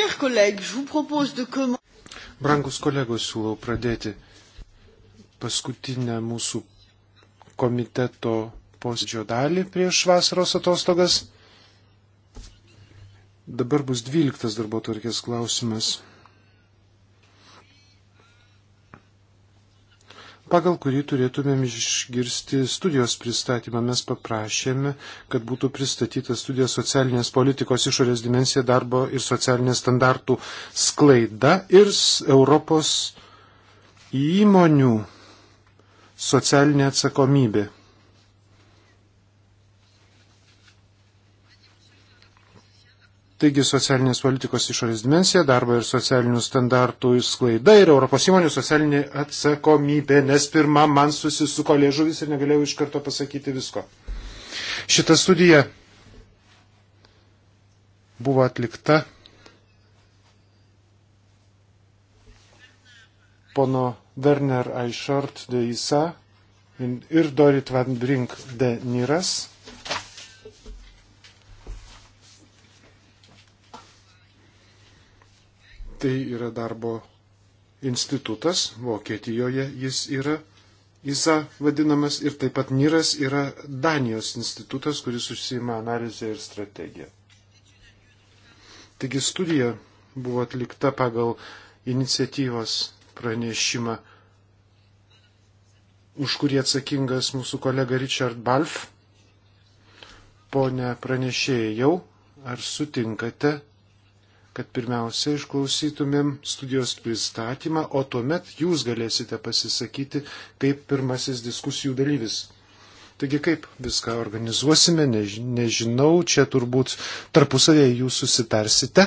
Brangus kolegos, siūlau pradėti paskutinę mūsų komiteto posėdžio dalį prieš vasaros atostogas. Dabar bus dvyliktas darbo tvarkės klausimas. pagal kurį turėtumėm išgirsti studijos pristatymą. Mes paprašėme, kad būtų pristatyta studija socialinės politikos išorės dimensija darbo ir socialinės standartų sklaida ir Europos įmonių socialinė atsakomybė. Taigi socialinės politikos išorės dimensija, darbo ir socialinių standartų sklaida ir Europos įmonių socialinė atsakomybė, nes pirmą man susisuko lėžuvis ir negalėjau iš karto pasakyti visko. Šita studija buvo atlikta pono Werner Aišart de Isa ir Dorit Van Brink de Niras Tai yra darbo institutas, Vokietijoje jis yra ISA vadinamas ir taip pat NIRAS yra Danijos institutas, kuris užsima analizę ir strategiją. Taigi studija buvo atlikta pagal iniciatyvos pranešimą, už kurį atsakingas mūsų kolega Richard Balf. Pone pranešėjai jau, ar sutinkate kad pirmiausia išklausytumėm studijos pristatymą, o tuomet jūs galėsite pasisakyti kaip pirmasis diskusijų dalyvis. Taigi kaip viską organizuosime, než, nežinau, čia turbūt tarpusavėje jūs susitarsite,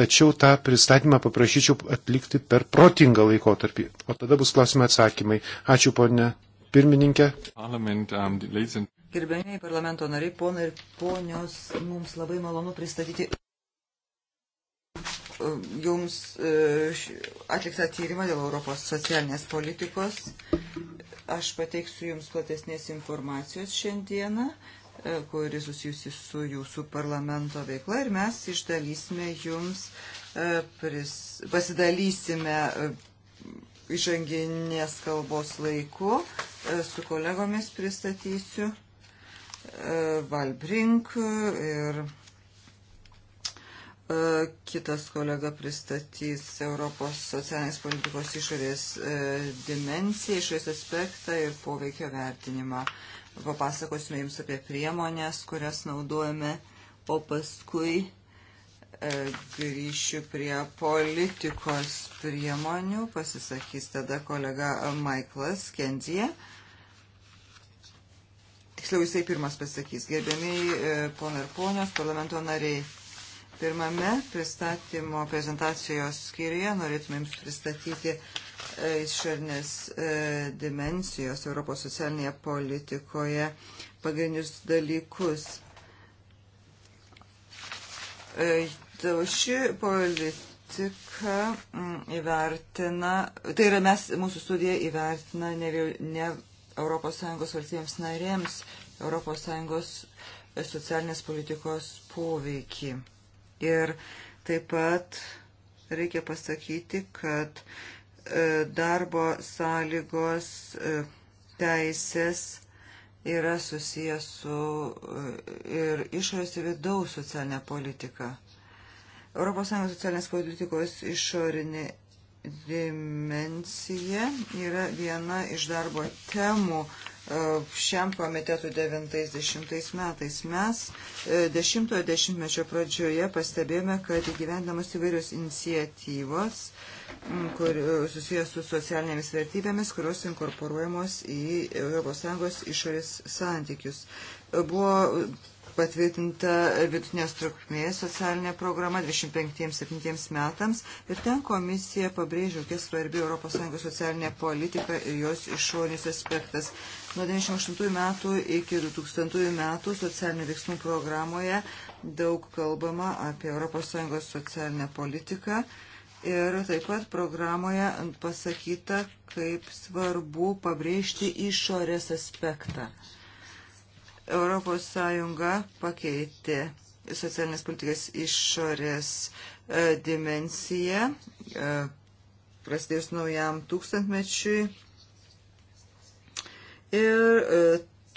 tačiau tą pristatymą paprašyčiau atlikti per protingą laikotarpį. O tada bus klausimai atsakymai. Ačiū, ponė pirmininkė. Um, Gerbėmiai parlamento nariai, ponai ir ponios, mums labai malonu pristatyti jums e, atliktą tyrimą dėl Europos socialinės politikos. Aš pateiksiu jums platesnės informacijos šiandieną, e, kuri susijusi su jūsų parlamento veikla ir mes išdalysime jums, e, pris, pasidalysime įžanginės kalbos laiku, su kolegomis pristatysiu Valbrink ir E, kitas kolega pristatys Europos socialinės politikos išorės e, dimenciją, išorės aspektą ir poveikio vertinimą. Papasakosime jums apie priemonės, kurias naudojame, o paskui e, grįšiu prie politikos priemonių. Pasisakys tada kolega Maiklas Kendija. Tiksliau jisai pirmas pasakys. Gerbėmiai ponai ir ponios, parlamento nariai Pirmame pristatymo prezentacijos skyriuje norėtume jums pristatyti e, išorinės e, dimensijos Europos socialinėje politikoje pagrindinius dalykus. E, ši politika įvertina, tai yra mes, mūsų studija įvertina ne, ne ES valstybėms narėms ES socialinės politikos poveikį. Ir taip pat reikia pasakyti, kad e, darbo sąlygos e, teisės yra susijęs su e, ir išorės ir vidaus socialinė politika. ES socialinės politikos išorinė dimensija yra viena iš darbo temų šiam komitetu 90 metais. Mes 10-ojo e, dešimtmečio pradžioje pastebėjome, kad įgyvendamas įvairios iniciatyvos kur, e, susijęs su socialinėmis vertybėmis, kurios inkorporuojamos į ES išorės santykius. E, buvo patvirtinta vidutinės trukmės socialinė programa 25-7 metams ir ten komisija pabrėžė, kiek svarbi ES socialinė politika ir jos išorinis aspektas. Nuo 1998 metų iki 2000 metų socialinių veiksmų programoje daug kalbama apie ES socialinę politiką. Ir taip pat programoje pasakyta, kaip svarbu pabrėžti išorės aspektą. Europos Sąjunga pakeitė socialinės politikos išorės e, dimensiją, e, prasidėjus naujam tūkstantmečiui. Ir e,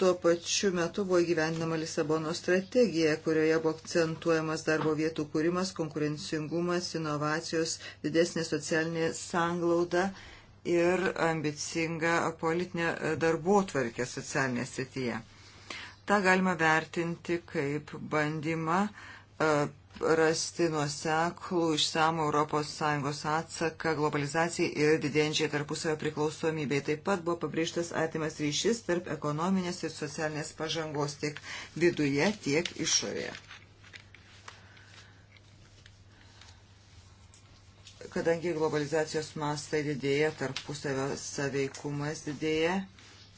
tuo pačiu metu buvo įgyvendinama Lisabono strategija, kurioje buvo akcentuojamas darbo vietų kūrimas, konkurencingumas, inovacijos, didesnė socialinė sanglauda ir ambicinga politinė darbo tvarkė socialinė srityje tą galima vertinti kaip bandymą e, rasti nuoseklų išsamų ES atsaką globalizacijai ir didėjančiai tarpusavio priklausomybei. Taip pat buvo pabrėžtas artimas ryšys tarp ekonominės ir socialinės pažangos tiek viduje, tiek išorėje. Kadangi globalizacijos mastai didėja, tarpusavio saveikumas didėja,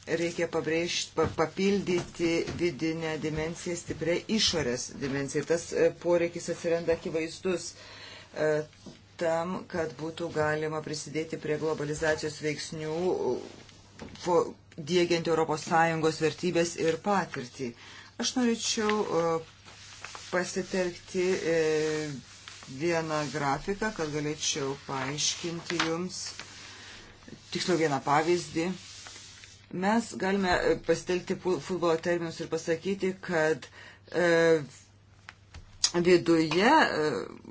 reikia pabrėžti, papildyti vidinę dimenciją stiprią išorės dimenciją. Tas e, poreikis atsiranda akivaizdus e, tam, kad būtų galima prisidėti prie globalizacijos veiksnių, dėgiant ES vertybės ir patirtį. Aš norėčiau e, pasitelkti vieną grafiką, kad galėčiau paaiškinti jums, tiksliau vieną pavyzdį Mes galime e, pastelti futbolo terminus ir pasakyti, kad e, viduje,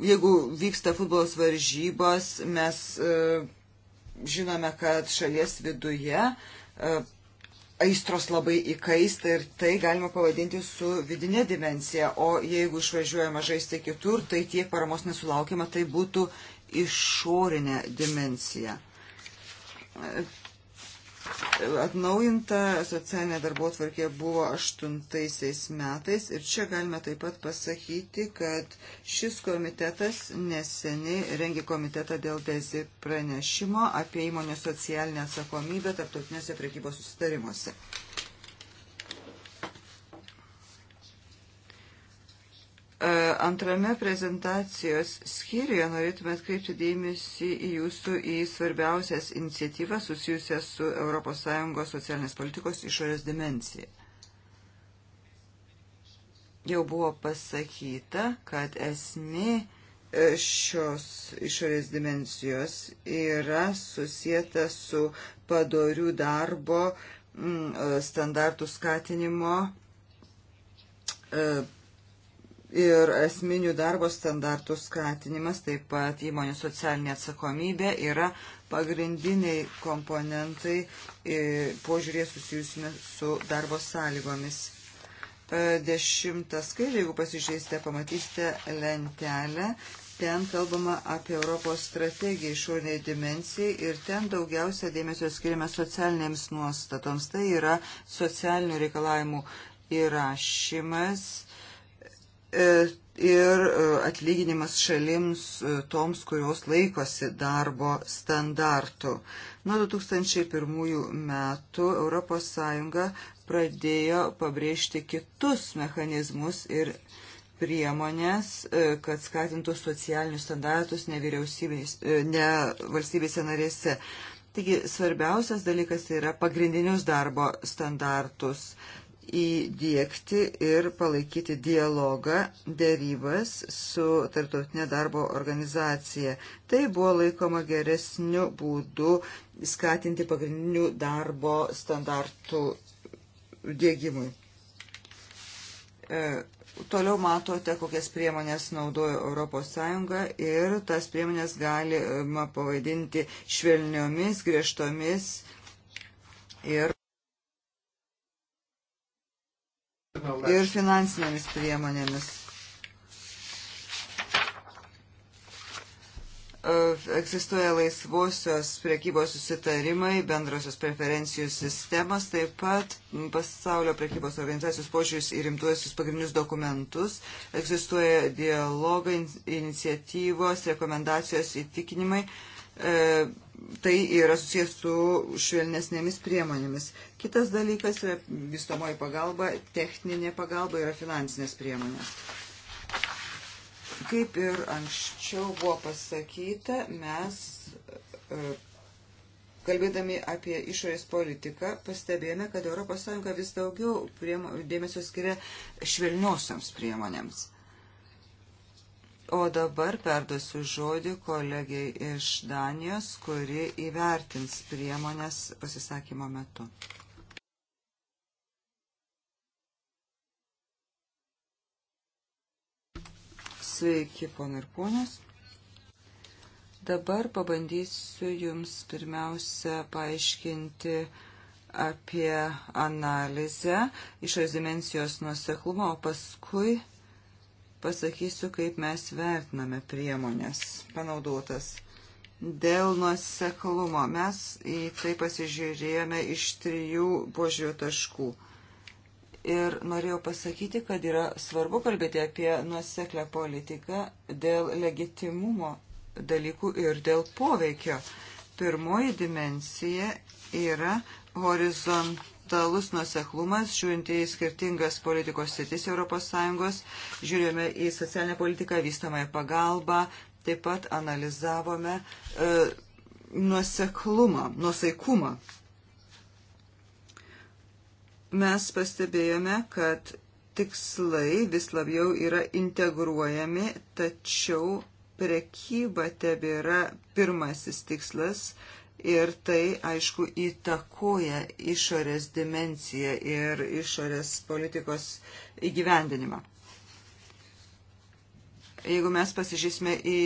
e, jeigu vyksta futbolos varžybos, mes e, žinome, kad šalies viduje e, aistros labai įkaista ir tai galima pavadinti su vidinė dimencija, o jeigu išvažiuojama žaisti kitur, tai tiek paramos nesulaukiama, tai būtų išorinė dimencija. E, atnaujinta socialinė darbo tvarkė buvo 8 metais ir čia galime taip pat pasakyti, kad šis komitetas neseniai rengi komitetą dėl dezi pranešimo apie įmonių socialinę atsakomybę tarptautinėse prekybos susitarimuose. E, antrame prezentacijos skyriuje norėtume atkreipti dėmesį į jūsų į svarbiausias iniciatyvas susijusias su ES socialinės politikos išorės dimencija. Jau buvo pasakyta, kad esmė e, šios išorės dimensijos yra susijęta su padorių darbo e, standartų skatinimo ir esminių darbo standartų skatinimas, taip pat įmonių socialinė atsakomybė yra pagrindiniai komponentai e, požiūrė susijusime su darbo sąlygomis. E, Dešimtą skaidrį, jeigu pasižiūrėsite, pamatysite lentelę. Ten kalbama apie Europos strategiją išoriniai dimensijai ir ten daugiausia dėmesio skiriame socialinėms nuostatoms. Tai yra socialinių reikalavimų įrašymas E, ir e, atlyginimas šalims e, toms, kurios laikosi darbo standartų. Nuo 2001 metų ES pradėjo pabrėžti kitus mechanizmus ir priemonės, kad skatintų socialinius standartus ne, ne valstybėse narėse. Taigi svarbiausias dalykas yra pagrindinius darbo standartus įdėkti ir palaikyti dialogą, dėrybas su tarptautinė darbo organizacija. Tai buvo laikoma geresniu būdu skatinti pagrindinių darbo standartų dėgymui. E, toliau matote, kokias priemonės naudoja ES ir tas priemonės galima pavadinti švelniomis, griežtomis ir ir finansinėmis priemonėmis. E, egzistuoja laisvosios priekybos susitarimai, bendrosios preferencijų sistemos, taip pat pasaulio priekybos organizacijos požiūris į rimtuosius pagrindinius dokumentus. Egzistuoja dialogai, iniciatyvos, rekomendacijos, įtikinimai. Uh, E, tai yra susijęs su švelnesnėmis priemonėmis. Kitas dalykas yra vystomoji pagalba, techninė pagalba yra finansinės priemonės. Kaip ir anksčiau buvo pasakyta, mes e, Kalbėdami apie išorės politiką, pastebėjome, kad ES vis daugiau priemo, dėmesio skiria švelniosiams priemonėms. O dabar perduosiu žodį kolegiai iš Danijos, kuri įvertins priemonės pasisakymo metu. Sveiki, ponai ir ponios. Dabar pabandysiu Jums pirmiausia paaiškinti apie analizę išorės dimensijos nuoseklumą, o paskui pasakysiu, kaip mes vertiname priemonės panaudotas. Dėl nuoseklumo mes į tai pasižiūrėjome iš trijų požiūrio taškų. Ir norėjau pasakyti, kad yra svarbu kalbėti apie nuoseklę politiką dėl legitimumo dalykų ir dėl poveikio. Pirmoji dimensija yra horizontalė totalus nuseklumas, žiūrint į skirtingas politikos sritis ES, žiūrėjome į socialinę politiką, vystamąją pagalbą, taip pat analizavome e, nuoseklumą, nuosaikumą. Mes pastebėjome, kad tikslai vis labiau yra integruojami, tačiau prekyba tebėra pirmasis tikslas ir tai, aišku, įtakoja išorės dimenciją ir išorės politikos įgyvendinimą. Jeigu mes pasižiūrėsime į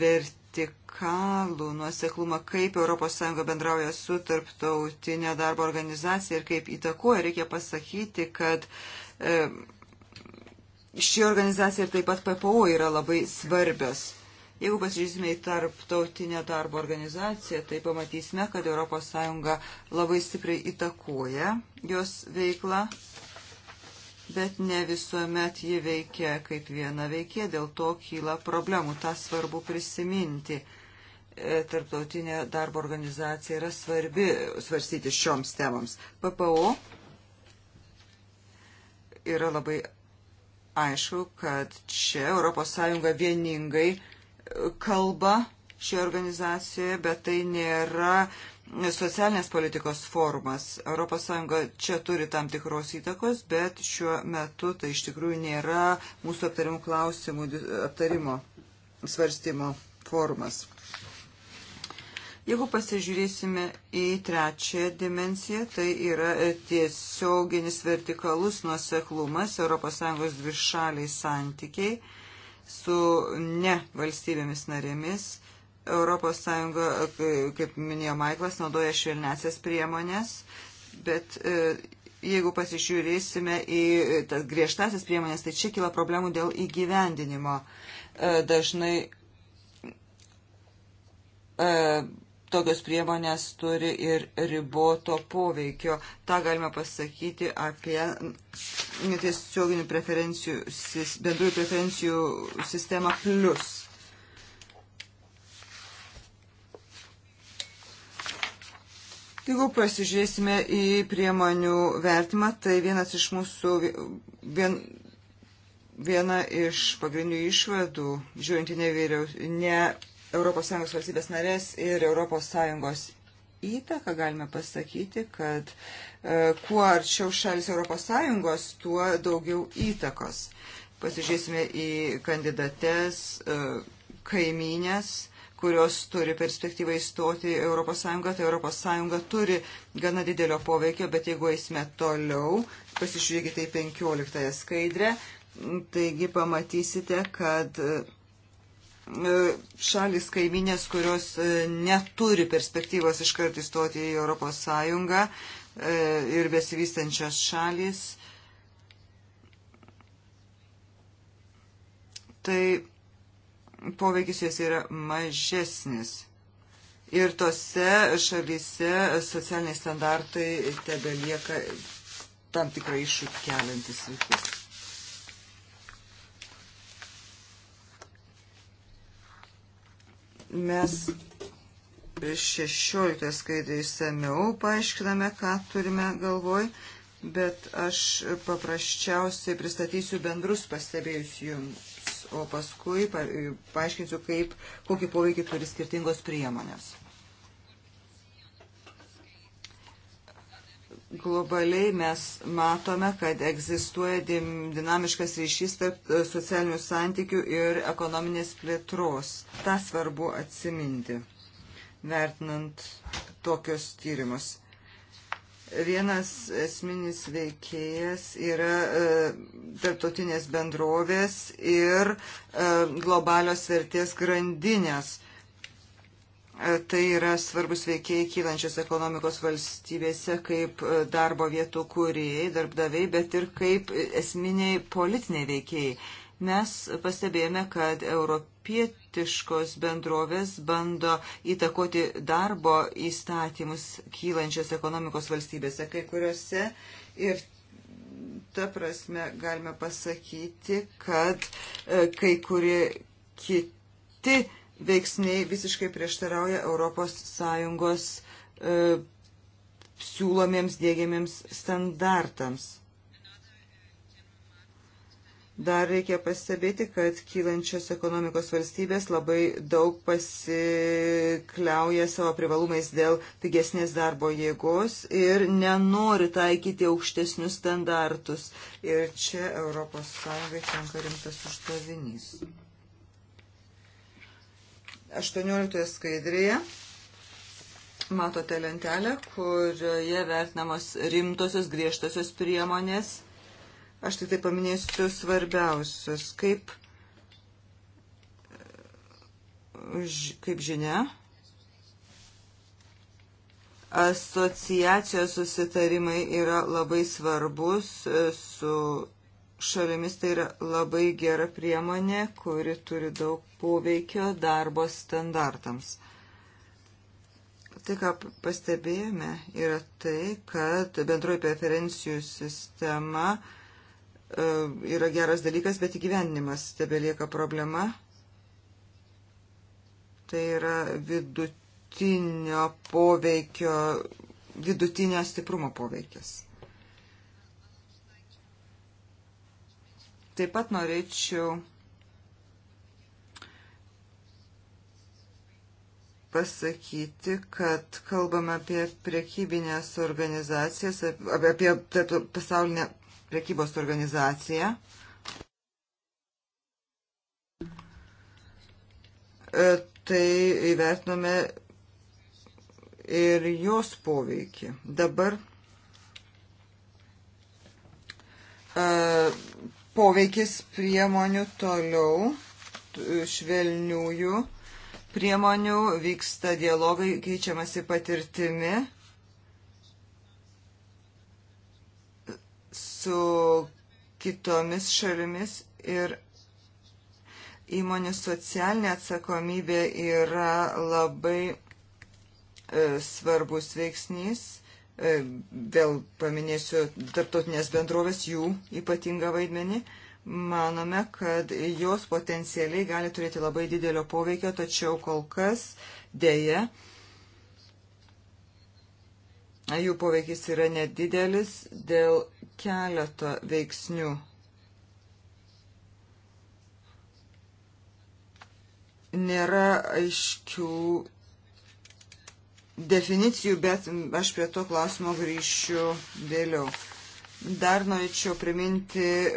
vertikalų nuoseklumą, kaip ES bendrauja su tarptautinė darbo organizacija ir kaip įtakoja, reikia pasakyti, kad e, ši organizacija ir taip pat PPO yra labai svarbios Jeigu pasižiūrėsime į tarptautinę darbo organizaciją, tai pamatysime, kad ES labai stipriai įtakuoja jos veiklą, bet ne visuomet ji veikia kaip viena veikė, dėl to kyla problemų, tą svarbu prisiminti. E, tarptautinė darbo organizacija yra svarbi svarstyti šioms temams. PPO yra labai aišku, kad čia ES vieningai kalba šioje organizacijoje, bet tai nėra socialinės politikos formas. ES čia turi tam tikros įtakos, bet šiuo metu tai iš tikrųjų nėra mūsų aptarimų klausimų aptarimo svarstymo formas. Jeigu pasižiūrėsime į trečią dimenciją, tai yra tiesioginis vertikalus nuoseklumas ES dvišaliai santykiai su ne valstybėmis narėmis. ES, kaip minėjo Maiklas, naudoja švelnesias priemonės, bet e, jeigu pasižiūrėsime į tas griežtasias priemonės, tai čia kyla problemų dėl įgyvendinimo. E, dažnai e, tokios priemonės turi ir riboto poveikio. Ta galima pasakyti apie tiesioginių preferencijų, bendrųjų preferencijų sistemą plus. Jeigu pasižiūrėsime į priemonių vertimą, tai vienas iš mūsų, vien, viena iš pagrindinių išvadų, žiūrint į nevyriaus, ne ES valstybės narės ir ES įtaką, galime pasakyti, kad e, kuo arčiau šalis ES, tuo daugiau įtakos. Pasižiūrėsime į kandidates, e, kaimynės kurios turi perspektyvą įstoti ES, tai ES turi gana didelio poveikio, bet jeigu eisime toliau, pasižiūrėkite į 15 skaidrę, taigi pamatysite, kad e, E, šalis kaiminės, kurios e, neturi perspektyvos iškart įstoti į Europos Sąjungą e, ir besivystančios šalis. Tai poveikis jos yra mažesnis. Ir tose šalyse socialiniai standartai tebelieka tam tikrai iššūkį keliantis rytis. Mes 16 skaidrį išsameu paaiškiname, ką turime galvoj, bet aš paprasčiausiai pristatysiu bendrus pastebėjus jums, o paskui paaiškinsiu, kaip, kokį poveikį turi skirtingos priemonės. Globaliai mes matome, kad egzistuoja dinamiškas ryšys tarp e, socialinių santykių ir ekonominės plėtros. Ta svarbu atsiminti, vertinant tokius tyrimus. Vienas esminis veikėjas yra e, tarptautinės bendrovės ir e, globalios vertės grandinės E, tai yra svarbus veikiai kylančios ekonomikos valstybėse kaip e, darbo vietų kūrėjai, darbdaviai, bet ir kaip esminiai politiniai veikiai. Mes pastebėjome, kad europietiškos bendrovės bando įtakoti darbo įstatymus kylančios ekonomikos valstybėse, kai kuriuose ir ta prasme galime pasakyti, kad e, kai kurie kiti veiksniai visiškai prieštarauja ES e, siūlomiems dėgiamiems standartams. Dar reikia pastebėti, kad kylančios ekonomikos valstybės labai daug pasikliauja savo privalumais dėl pigesnės darbo jėgos ir nenori taikyti aukštesnius standartus. Ir čia ES tenka rimtas uždavinys. 18 skaidrėje matote lentelę, kurioje vertinamos rimtosios griežtosios priemonės. Aš tik tai paminėsiu svarbiausius. Kaip, kaip žinia, asociacijos susitarimai yra labai svarbus e, su šalimis tai yra labai gera priemonė, kuri turi daug poveikio darbo standartams. Tai, ką pastebėjome, yra tai, kad bendroji preferencijų sistema e, yra geras dalykas, bet įgyvendinimas tebelieka problema. Tai yra vidutinio poveikio, vidutinio stiprumo poveikis. Taip pat norėčiau pasakyti, kad kalbame apie prekybinės organizacijas, apie, apie pasaulinę prekybos organizaciją. E, tai įvertinome ir jos poveikį. Dabar e, poveikis priemonių toliau švelniųjų priemonių vyksta dialogai, keičiamasi patirtimi su kitomis šalimis ir įmonių socialinė atsakomybė yra labai e, svarbus veiksnys E, vėl paminėsiu tarptautinės bendrovės, jų ypatingą vaidmenį. Manome, kad jos potencialiai gali turėti labai didelio poveikio, tačiau kol kas dėja jų poveikis yra nedidelis dėl keleto veiksnių. Nėra aiškių definicijų, bet aš prie to klausimo grįšiu vėliau. Dar norėčiau priminti e,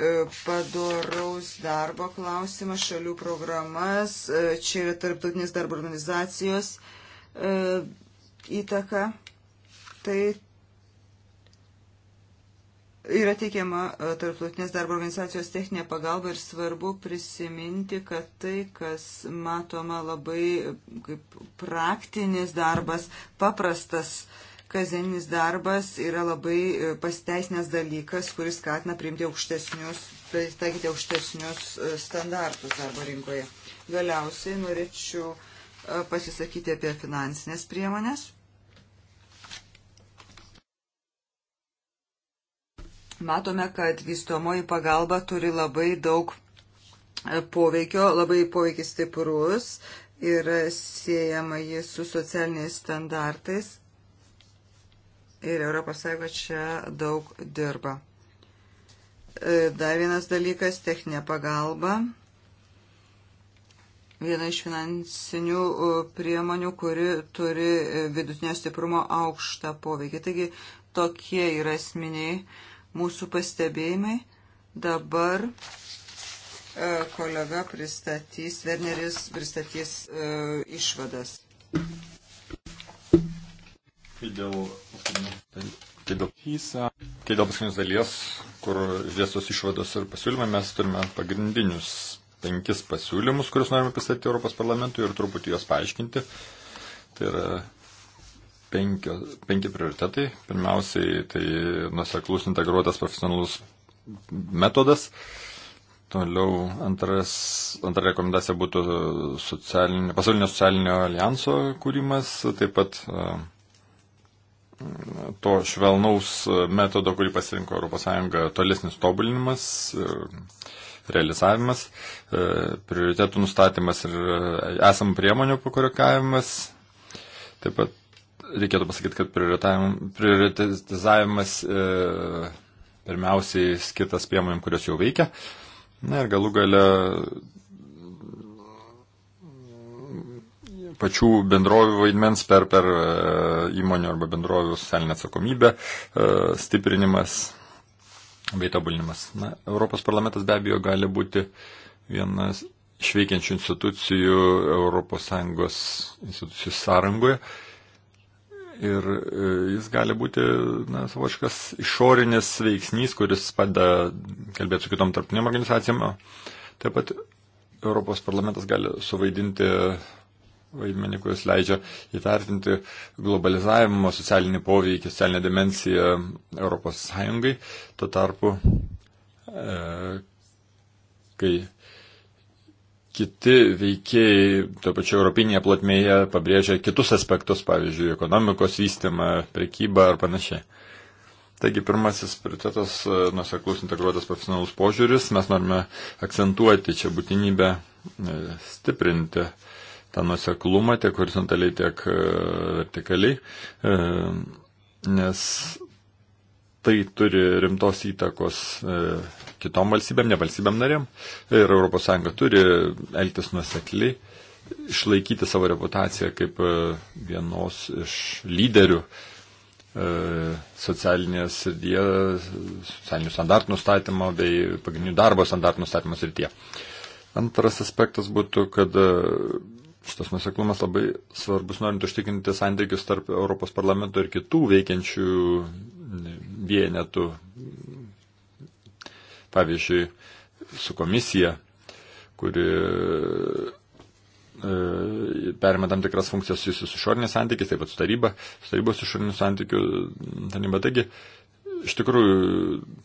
padoraus darbo klausimą, šalių programas, e, čia yra tarptautinės darbo organizacijos e, įtaka. Tai Yra teikiama e, tarptautinės darbo organizacijos techninė pagalba ir svarbu prisiminti, kad tai, kas matoma labai e, kaip praktinis darbas, paprastas kasdieninis darbas, yra labai e, pasteisnės dalykas, kuris skatina priimti aukštesnius, taikyti aukštesnius standartus darbo rinkoje. Galiausiai norėčiau pasisakyti apie finansinės priemonės. matome, kad vystomoji pagalba turi labai daug e, poveikio, labai poveikis stiprus ir siejama jis su socialiniais standartais. Ir ES čia daug dirba. E, dar vienas dalykas - techninė pagalba. Viena iš finansinių e, priemonių, kuri turi vidutinio stiprumo aukštą poveikį. Taigi tokie yra esminiai uh, mūsų pastebėjimai. Dabar e, kolega pristatys, Werneris pristatys e, išvadas. Kai dėl, kai dėl, kai dėl paskutinės dalies, kur išdėstos išvados ir pasiūlymai, mes turime pagrindinius penkis pasiūlymus, kuriuos norime pristatyti Europos parlamentui ir truputį juos paaiškinti. Tai yra penki, penki prioritetai. Pirmiausiai tai nuseklus integruotas profesionalus metodas. Toliau antras, antra rekomendacija būtų socialinio, pasaulinio socialinio alijanso kūrimas, taip pat e, to švelnaus metodo, kurį pasirinko ES, tolesnis tobulinimas, realizavimas, e, prioritetų nustatymas ir e, esamų priemonių pakoregavimas, taip pat reikėtų pasakyti, kad prioritizavimas e, pirmiausiai skirtas priemonėm, kurios jau veikia. Na ir galų gale mm, pačių bendrovių vaidmens per, per e, įmonių arba bendrovių socialinę atsakomybę e, stiprinimas bei tobulinimas. Na, Europos parlamentas be abejo gali būti vienas išveikiančių institucijų ES institucijų sąrangoje. Uh, Ir e, jis gali būti na, savoškas išorinis veiksnys, kuris padeda kalbėti su kitom tarptautinėm organizacijom. Taip pat Europos parlamentas gali suvaidinti vaidmenį, kuris leidžia įvertinti globalizavimo socialinį poveikį, socialinę dimensiją Europos Sąjungai. Tuo tarpu, e, kai kiti veikėjai, to pačiu Europinėje platmėje, pabrėžia kitus aspektus, pavyzdžiui, ekonomikos vystimą, prekybą ar panašiai. Taigi pirmasis prioritetas e, - nuseklus integruotas profesionalus požiūris. Mes norime akcentuoti čia būtinybę e, stiprinti tą nuseklumą tiek horizontaliai, tiek e, vertikaliai, nes tai turi rimtos įtakos e, kitom valstybėm, ne valstybėm narėm. Ir ES turi elgtis nuosekliai, išlaikyti savo reputaciją kaip e, vienos iš lyderių e, socialinės srityje, socialinių standartų nustatymo bei pagrindinių darbo standartų nustatymo srityje. Antras aspektas būtų, kad šitas nuseklumas labai svarbus norint užtikrinti santykius tarp Europos parlamento ir kitų veikiančių vienetų, pavyzdžiui, su komisija, kuri e, perima tam tikras funkcijas susijusius su išoriniais santykiais, taip pat su taryba, su tarybos išorinių santykių taryba. Taigi, iš tikrųjų,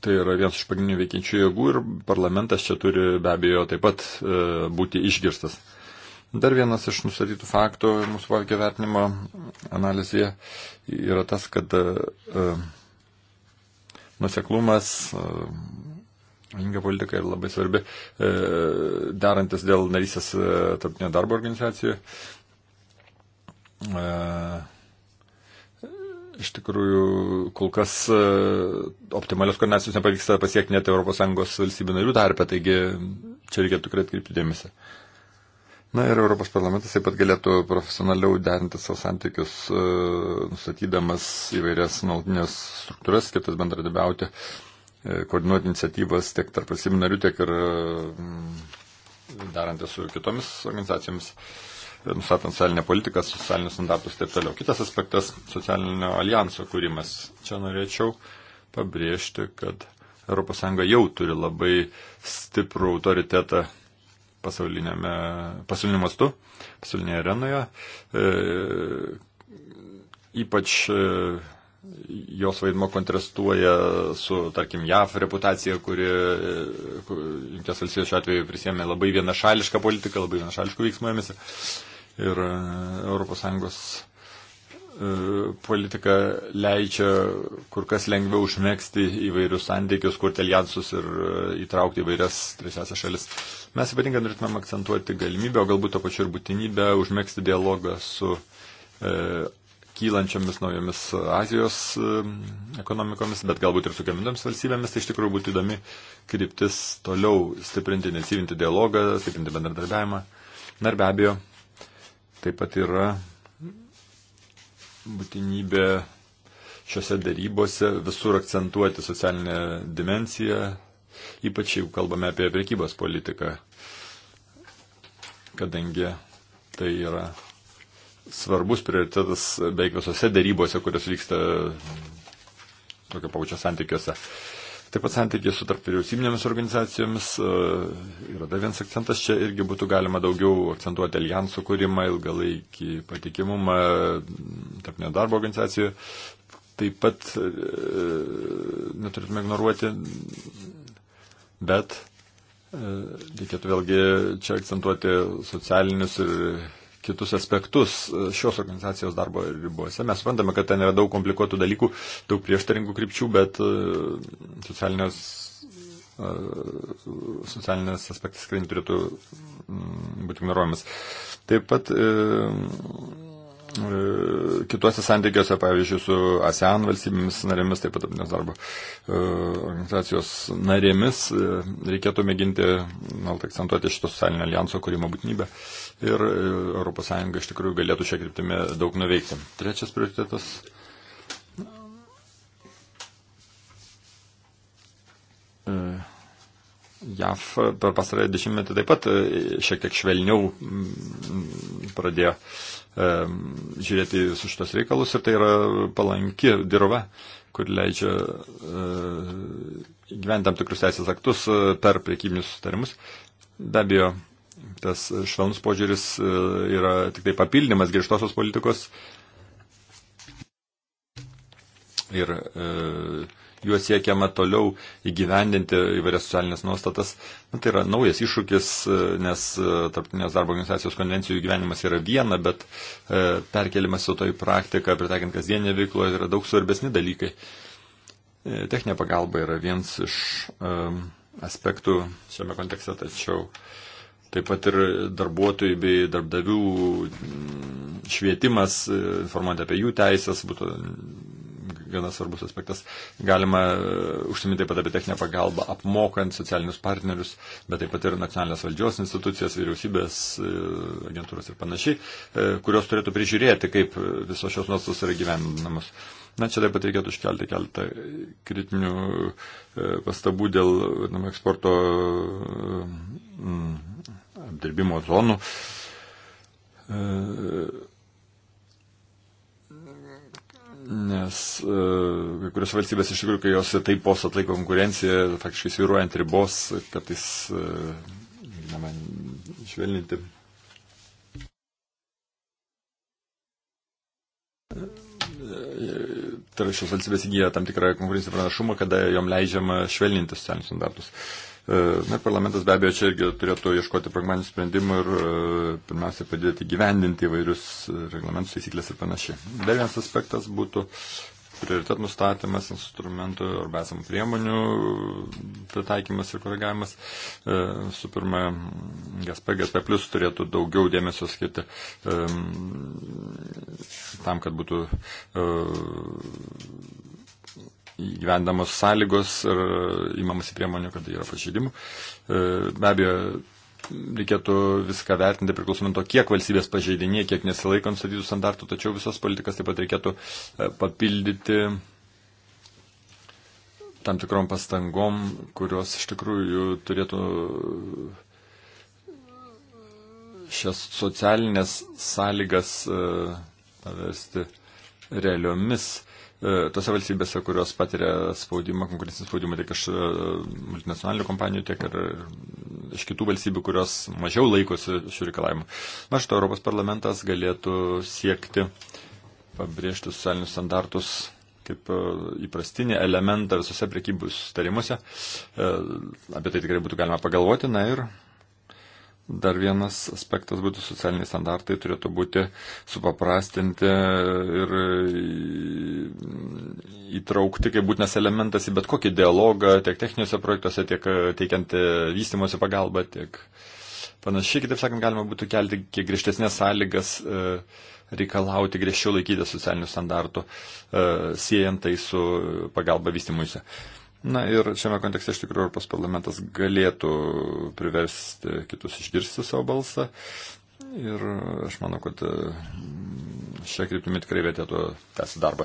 tai yra vienas iš pagrindinių veikiančių jėgų ir parlamentas čia turi be abejo taip pat e, būti išgirstas. Dar vienas iš nustatytų faktų mūsų poveikio vertinimo analizėje yra tas, kad uh, nuseklumas, vieninga politika yra labai svarbi, e, darantis dėl narysės e, tarptinio darbo organizacijų. E, iš tikrųjų, kol kas optimalios koordinacijos nepavyksta pasiekti net ES valstybių narių tarpe, taigi čia reikėtų tikrai atkreipti dėmesį. Uh, Na ir Europos parlamentas taip pat galėtų profesionaliau derinti savo santykius, e, nustatydamas įvairias nuolatinės struktūras, skirtas bendradabiauti, e, koordinuoti iniciatyvas tiek tarp valstybių narių, tiek ir mm, darantys su kitomis organizacijomis, e, nustatant socialinę politiką, socialinius standartus ir taip toliau. Kitas aspektas - socialinio alijanso kūrimas. Čia norėčiau pabrėžti, kad ES jau turi labai stiprų autoritetą pasauliniu mastu, pasaulinėje arenoje. E, ypač e, jos vaidmo kontrastuoja su, tarkim, JAF reputacija, kuri, e, Junktinės valstijos šiuo atveju prisėmė labai vienašališką politiką, labai vienašališkų veiksmų ėmėsi. Ir ES E, politika leidžia kur kas lengviau užmėgsti įvairius santykius, kurti alijansus ir e, įtraukti įvairias trečiasias šalis. Mes ypatingai norėtumėm akcentuoti galimybę, o galbūt to pačiu ir būtinybę užmėgsti dialogą su e, kylančiamis naujomis Azijos e, ekonomikomis, bet galbūt ir su gamintoms valstybėmis, tai iš tikrųjų būtų įdomi kryptis toliau stiprinti, nesyvinti dialogą, stiprinti bendradarbiavimą. Na ir be abejo, taip pat yra būtinybė šiuose darybose visur akcentuoti socialinę dimenciją, ypač jeigu kalbame apie priekybos politiką, kadangi tai yra svarbus prioritetas beveik visose darybose, kurios vyksta tokio paučio santykiuose. Uh, Taip pat santykiai su tarp vyriausybinėmis organizacijomis e, yra dar vienas akcentas. Čia irgi būtų galima daugiau akcentuoti alijansų kūrimą, ilgalaikį patikimumą tarp nedarbo organizacijų. Taip pat e, neturėtume ignoruoti, bet e, reikėtų vėlgi čia akcentuoti socialinius ir kitus aspektus e, šios organizacijos darbo ribose. Mes suprantame, kad ten yra daug komplikuotų dalykų, daug prieštaringų krypčių, bet e, e, socialinės, socialinės aspektas tikrai turėtų mm, būti ignoruojamas. Taip pat kituose santykiuose, pavyzdžiui, su ASEAN valstybėmis narėmis, taip pat apnės darbo organizacijos narėmis, reikėtų mėginti, nalt akcentuoti šito socialinio alijanso kūrimo būtinybę. Uh, ir ES iš tikrųjų galėtų šią kryptimį daug nuveikti. Trečias prioritetas. E, JAF per pastarąjį dešimtmetį taip pat e, šiek tiek švelniau mm, pradėjo e, žiūrėti su šitos reikalus ir tai yra palanki dirba, kur leidžia gyventi tam tikrus teisės aktus per priekybinius sutarimus. Be abejo, tas švelnus požiūris e, yra tik tai papildymas griežtosios politikos ir e, juos siekiama toliau įgyvendinti įvairias socialinės nuostatas. Na, tai yra naujas iššūkis, e, nes e, tarptautinės darbo organizacijos konvencijų gyvenimas yra viena, bet e, perkelimas jau to į praktiką, pritaikant kasdienę veiklą, yra daug svarbesni dalykai. E, techninė pagalba yra vienas iš e, aspektų šiame kontekste, tačiau e, Taip pat ir darbuotojų bei darbdavių mm, švietimas, e, informuojant apie jų teisės, būtų gana svarbus aspektas. Galima e, užsiminti taip pat apie techninę pagalbą, apmokant socialinius partnerius, bet taip pat ir nacionalinės valdžios institucijas, vyriausybės, e, agentūros ir panašiai, kurios turėtų prižiūrėti, kaip visos šios nuostatos yra gyvendinamos. Na, čia taip pat reikėtų iškelti keletą kritinių pastabų dėl na, eksporto. Mm, apdirbimo zonų. E, nes e, kai kurios valstybės iš tikrųjų, kai jos taip pos atlaiko konkurenciją, faktiškai sviruojant ribos, kartais, e, žinoma, švelninti. Tai yra šios valstybės įgyja tam tikrą konkurencinį pranašumą, kada jom leidžiama švelninti socialinius standartus. Uh, E, na, parlamentas be abejo čia irgi turėtų ieškoti pragmatinių sprendimų ir e, pirmiausia padėti gyvendinti įvairius reglamentus, taisyklės ir panašiai. Dar vienas aspektas būtų prioritet nustatymas instrumentų arba esamų priemonių pritaikymas ir koregavimas. E, Su pirma, GSP, GSP plus turėtų daugiau dėmesio skirti tam, kad būtų įgyvendamos sąlygos ir įmamasi priemonių, kad yra pažeidimų. E, be abejo, reikėtų viską vertinti priklausomai to, kiek valstybės pažeidinė, kiek nesilaiko nustatytų standartų, tačiau visos politikas taip pat reikėtų e, papildyti tam tikrom pastangom, kurios iš tikrųjų turėtų šias socialinės sąlygas e, paversti realiomis. E, tose valstybėse, kurios patiria spaudimą, konkurencinį spaudimą tiek iš e, multinacionalinių kompanijų, tiek ir iš kitų valstybių, kurios mažiau laikosi šių reikalavimų. Na, šito Europos parlamentas galėtų siekti pabrėžti socialinius standartus kaip e, įprastinį elementą visose priekybų sustarimuose. Apie tai tikrai būtų galima pagalvoti. Na ir Dar vienas aspektas būtų socialiniai standartai turėtų būti supaprastinti ir įtraukti kaip būtinas elementas į bet kokį dialogą, tiek techniniuose projektuose, tiek teikiant e, vystimosi pagalbą, tiek panašiai, kitaip sakant, galima būtų kelti kiek griežtesnės sąlygas e, reikalauti griežčiau laikyti socialinių standartų, e, siejant tai su pagalba vystimuisi. Uh, Na ir šiame kontekste iš tikrųjų Europos parlamentas galėtų priversti kitus išgirsti savo balsą. Ir aš manau, kad e, šią kryptimį tikrai vertėtų tęsti darbą.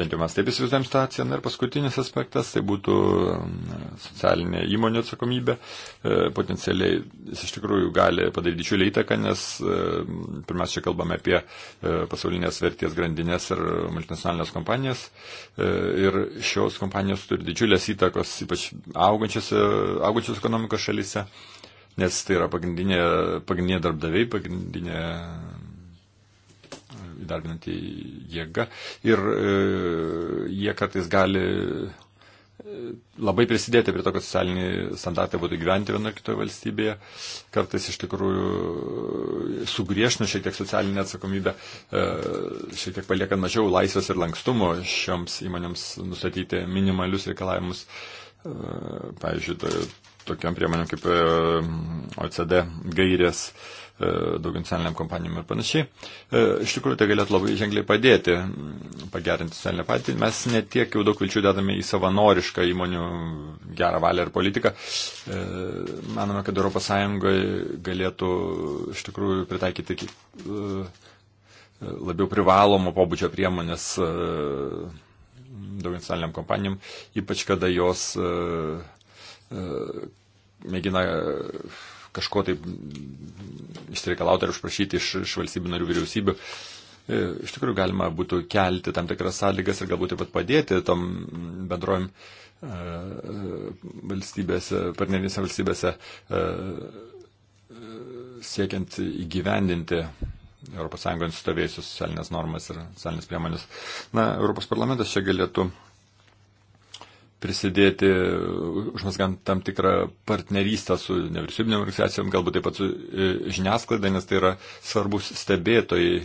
Bent jau mes taip įsivaizduojam situaciją. Na ir paskutinis aspektas, tai būtų e, socialinė įmonių atsakomybė. E, potencialiai jis iš tikrųjų gali padaryti didžiulį įtaką, nes pirmiausia, čia kalbame apie pasaulinės vertės grandinės ir multinacionalinės kompanijas. Ir šios kompanijos turi didžiulės įtakos, ypač augančios, augančios ekonomikos šalyse nes tai yra pagrindinė, pagrindinė darbdaviai, pagrindinė e, įdarbinanti jėga. Ir e, jie kartais gali e, labai prisidėti prie to, kad socialiniai standartai būtų gyventi vienoje kitoje valstybėje. Kartais iš tikrųjų e, sugriešinu šiek tiek socialinę atsakomybę, šiek tiek paliekant mažiau laisvės ir lankstumo šioms įmonėms nustatyti minimalius reikalavimus. Pavyzdžiui, tokiam priemonėm kaip e, OCD gairės e, daugianciniam kompanijom ir panašiai. E, iš tikrųjų, tai galėtų labai ženkliai padėti pagerinti socialinę patį. Mes netiek jau daug vilčių dedame į savanorišką įmonių gerą valią ir politiką. Manome, kad ES galėtų iš tikrųjų pritaikyti labiau privalomo pobūdžio priemonės daugianciniam kompanijom, ypač kada jos mėgina e, kažko taip išreikalauti ar užprašyti iš, iš valstybių narių vyriausybių. E, iš tikrųjų galima būtų kelti tam tikras sąlygas ir galbūt taip pat padėti tom bendrojim e, valstybėse, partnerinėse valstybėse siekiant įgyvendinti ES nusistovėjusius socialinės normas ir socialinės priemonės. Na, Europos parlamentas čia galėtų prisidėti, užmesgant tam tikrą partnerystę su nevyriausybinėm organizacijom, galbūt taip pat su e, žiniasklaida, nes tai yra svarbus stebėtojai,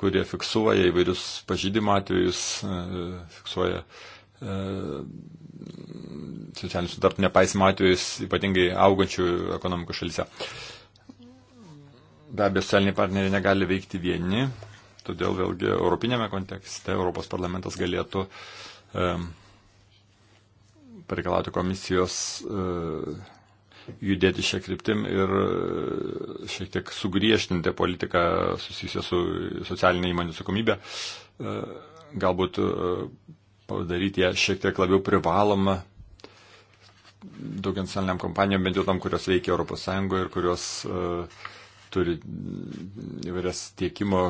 kurie fiksuoja įvairius pažydimo atvejus, e, fiksuoja e, socialinių sutartų nepaisimo atvejus, ypatingai augančių ekonomikų šalyse. Be abejo, socialiniai partneriai negali veikti vieni, todėl vėlgi europinėme kontekste Europos parlamentas galėtų um, pareikalauti komisijos e, judėti šią kryptim ir e, šiek tiek sugriežtinti politiką susijusią su socialinė įmonių atsakomybė, e, galbūt padaryti ją šiek tiek labiau privalomą daugiansaliniam kompanijom, bent jau tam, kurios veikia ES ir kurios uh, turi įvairias tiekimo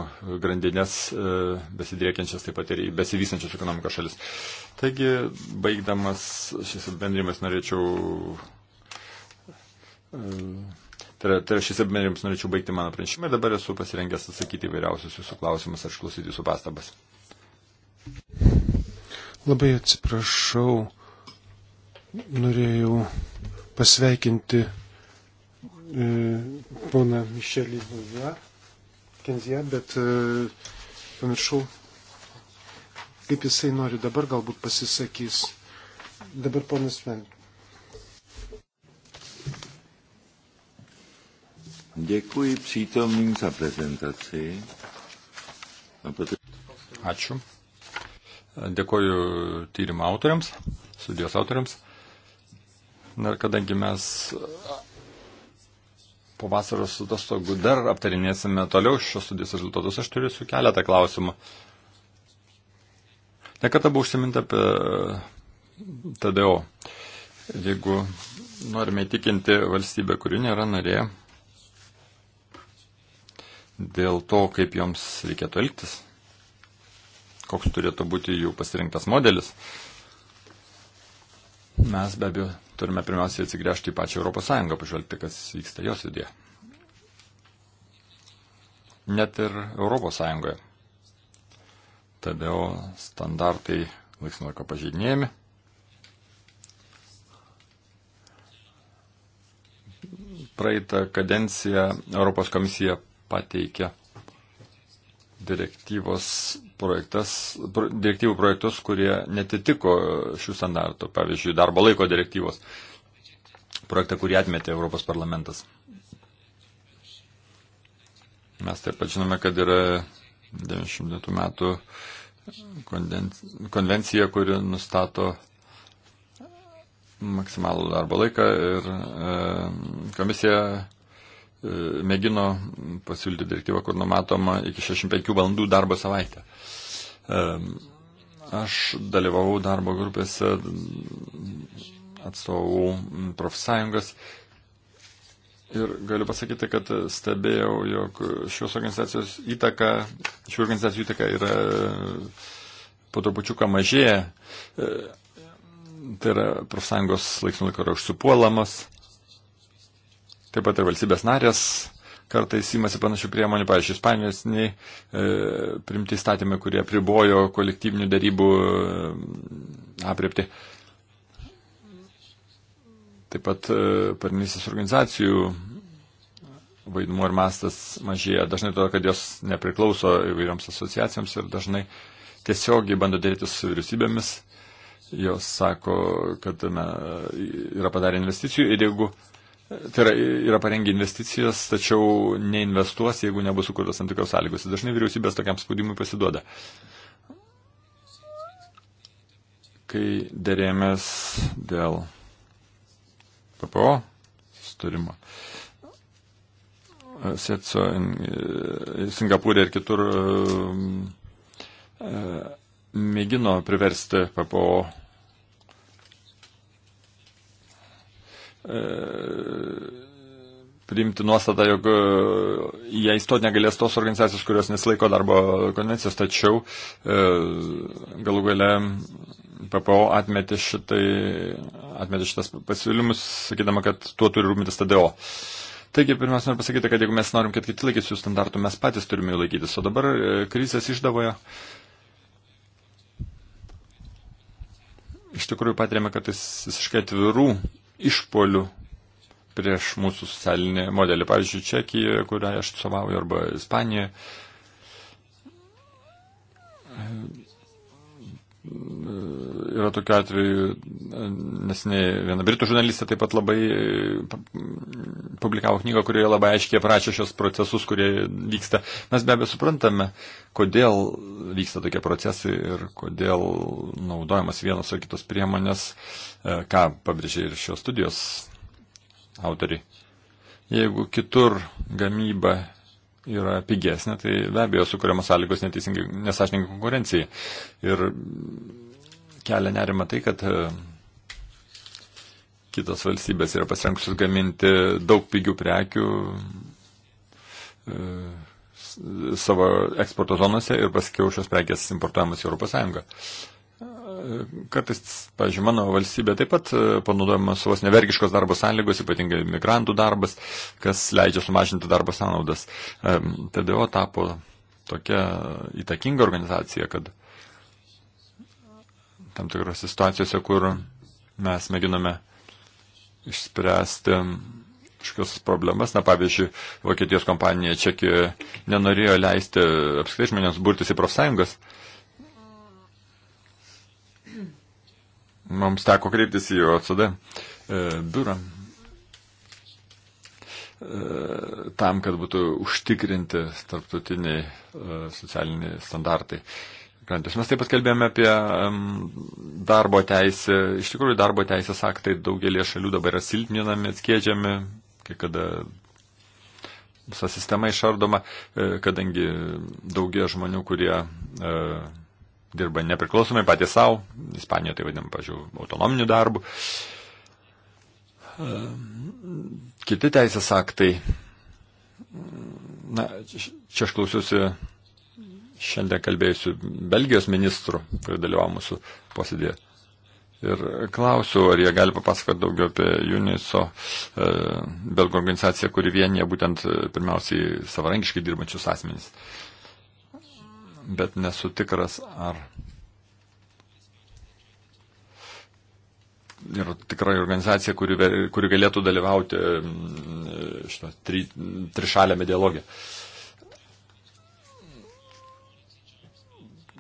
grandinės e, besidriekiančias taip pat ir besivysančias ekonomikos šalis. Taigi, baigdamas šis apibendrimas norėčiau. E, tai yra, tai yra šis apibendrimas norėčiau baigti mano pranešimą ir dabar esu pasirengęs atsakyti įvairiausius jūsų klausimus ar išklausyti jūsų pastabas. Labai atsiprašau, norėjau pasveikinti E, poną Mišelį Kenziją, bet e, pamiršau, kaip jisai nori dabar galbūt pasisakys. Dabar ponas Ven. Děkuji přítomným za prezentaci. Ačiū. Dėkoju tyrimo autoriams, studijos autoriams. Na, kadangi mes po vasaros atostogų dar aptarinėsime toliau šios studijos rezultatus. Aš turiu su keletą klausimų. Nekartą buvo užsiminta apie e, TDO. Jeigu norime įtikinti valstybę, kuri nėra narė, dėl to, kaip joms reikėtų elgtis, koks turėtų būti jų pasirinktas modelis, mes be abejo turime pirmiausiai atsigręžti į pačią Europos Sąjungą, pažvelgti, kas vyksta jos idėja net ir ES. Todėl standartai laiksinu laiko pažydinėjami. Praeitą kadenciją Europos komisija pateikė direktyvos projektas, pro, direktyvų projektus, kurie netitiko šių standartų, pavyzdžiui, darbo laiko direktyvos projektą, kurį atmetė Europos parlamentas. Mes taip pat žinome, kad yra 90 metų konvencija, kuri nustato maksimalų darbo laiką ir e, komisija e, mėgino pasiūlyti direktyvą, kur numatoma iki 65 valandų darbo savaitę. E, aš dalyvavau darbo grupėse atstovų profsąjungas Ir galiu pasakyti, kad stebėjau, jog šios organizacijos įtaka, šių organizacijų įtaka yra po trupučiuką mažėja. E, tai yra profsąjungos laiksnų laiko yra užsipuolamas. Taip pat ir valstybės narės kartais įmasi panašių priemonių, pavyzdžiui, Ispanijos nei, e, primti įstatymai, kurie pribojo kolektyvinių darybų e, apriepti. E, Taip pat e, partnerystės organizacijų vaidmuo ir mastas mažėja dažnai todėl, kad jos nepriklauso įvairioms asociacijoms ir dažnai tiesiogiai bando dėrėti su vyriausybėmis. Jos sako, kad na, yra padarę investicijų ir jeigu tai yra, yra parengę investicijas, tačiau neinvestuos, jeigu nebus sukurtas tam tikros sąlygos. Dažnai vyriausybės tokiam spaudimui pasiduoda. Kai dėrėmės dėl PPO sustarimo. Setso e, Singapūrė ir kitur e, e, mėgino priversti PPO priimti nuostatą, jog jie įstoti negalės tos organizacijos, kurios nesilaiko darbo konvencijos, tačiau galų gale PPO atmetė, šitai, atmetė šitas pasiūlymus, sakydama, kad tuo turi rūpintis TDO. Taigi, pirmiausia, noriu pasakyti, kad jeigu mes norim, kad kiti laikysis jų standartų, mes patys turime jų laikytis. O dabar e, krizės išdavoje. Iš tikrųjų patiriame kartais visiškai atvirų išpolių prieš mūsų socialinį modelį. Pavyzdžiui, Čekijoje, kurią aš atstovauju, arba Ispanijoje Yra tokiu atveju, nes ne viena britų žurnalistė taip pat labai e, publikavo knygą, kurioje labai aiškiai aprašė šios procesus, kurie vyksta. Mes be abejo suprantame, kodėl vyksta tokie procesai ir kodėl naudojamas vienos ar kitos priemonės, e, ką pabrėžė ir šios studijos autoriai. Jeigu kitur gamyba yra pigesnė, tai be abejo sukūriamos sąlygos neteisingai, nesažininkai konkurencijai. Ir kelia nerima tai, kad e, kitos valstybės yra pasirengusios gaminti daug pigių prekių e, savo eksporto zonose ir paskiau šios prekės importuojamos į ES kartais, pažiūrėjau, mano valstybė taip pat e, panaudojamas vos nevergiškos darbo sąlygos, ypatingai migrantų darbas, kas leidžia sumažinti darbo sąnaudas. E, TDO tapo tokia įtakinga organizacija, kad tam tikrose situacijose, kur mes mėginame išspręsti kažkokios problemas. Na, pavyzdžiui, Vokietijos kompanija Čekijoje nenorėjo leisti apskritai žmonėms burtis į profsąjungas. Uh, mums teko kreiptis į OCD e, biurą e, tam, kad būtų užtikrinti tarptautiniai e, socialiniai standartai. Grantis. Mes taip pat kalbėjome apie darbo teisę. Iš tikrųjų, darbo teisės aktai daugelie šalių dabar yra silpninami, atskėdžiami, kai kada visa sistema išardoma, kadangi daugie žmonių, kurie dirba nepriklausomai patys savo, Ispanijoje tai vadinam, pažiūrėjau, autonominiu darbu. Ehm, kiti teisės aktai, na, čia aš klausiuosi šiandien kalbėjusiu Belgijos ministru, kurie dalyvavo mūsų posėdėje. Ir klausiu, ar jie gali papasakoti daugiau apie UNISO, e, belgų organizaciją, kuri vienyje būtent e, pirmiausiai savarankiškai dirbančius asmenys. E, bet nesu tikras, ar ir tikrai organizacija, kuri, kuri galėtų dalyvauti mm, šito, tri, trišalėme dialogė.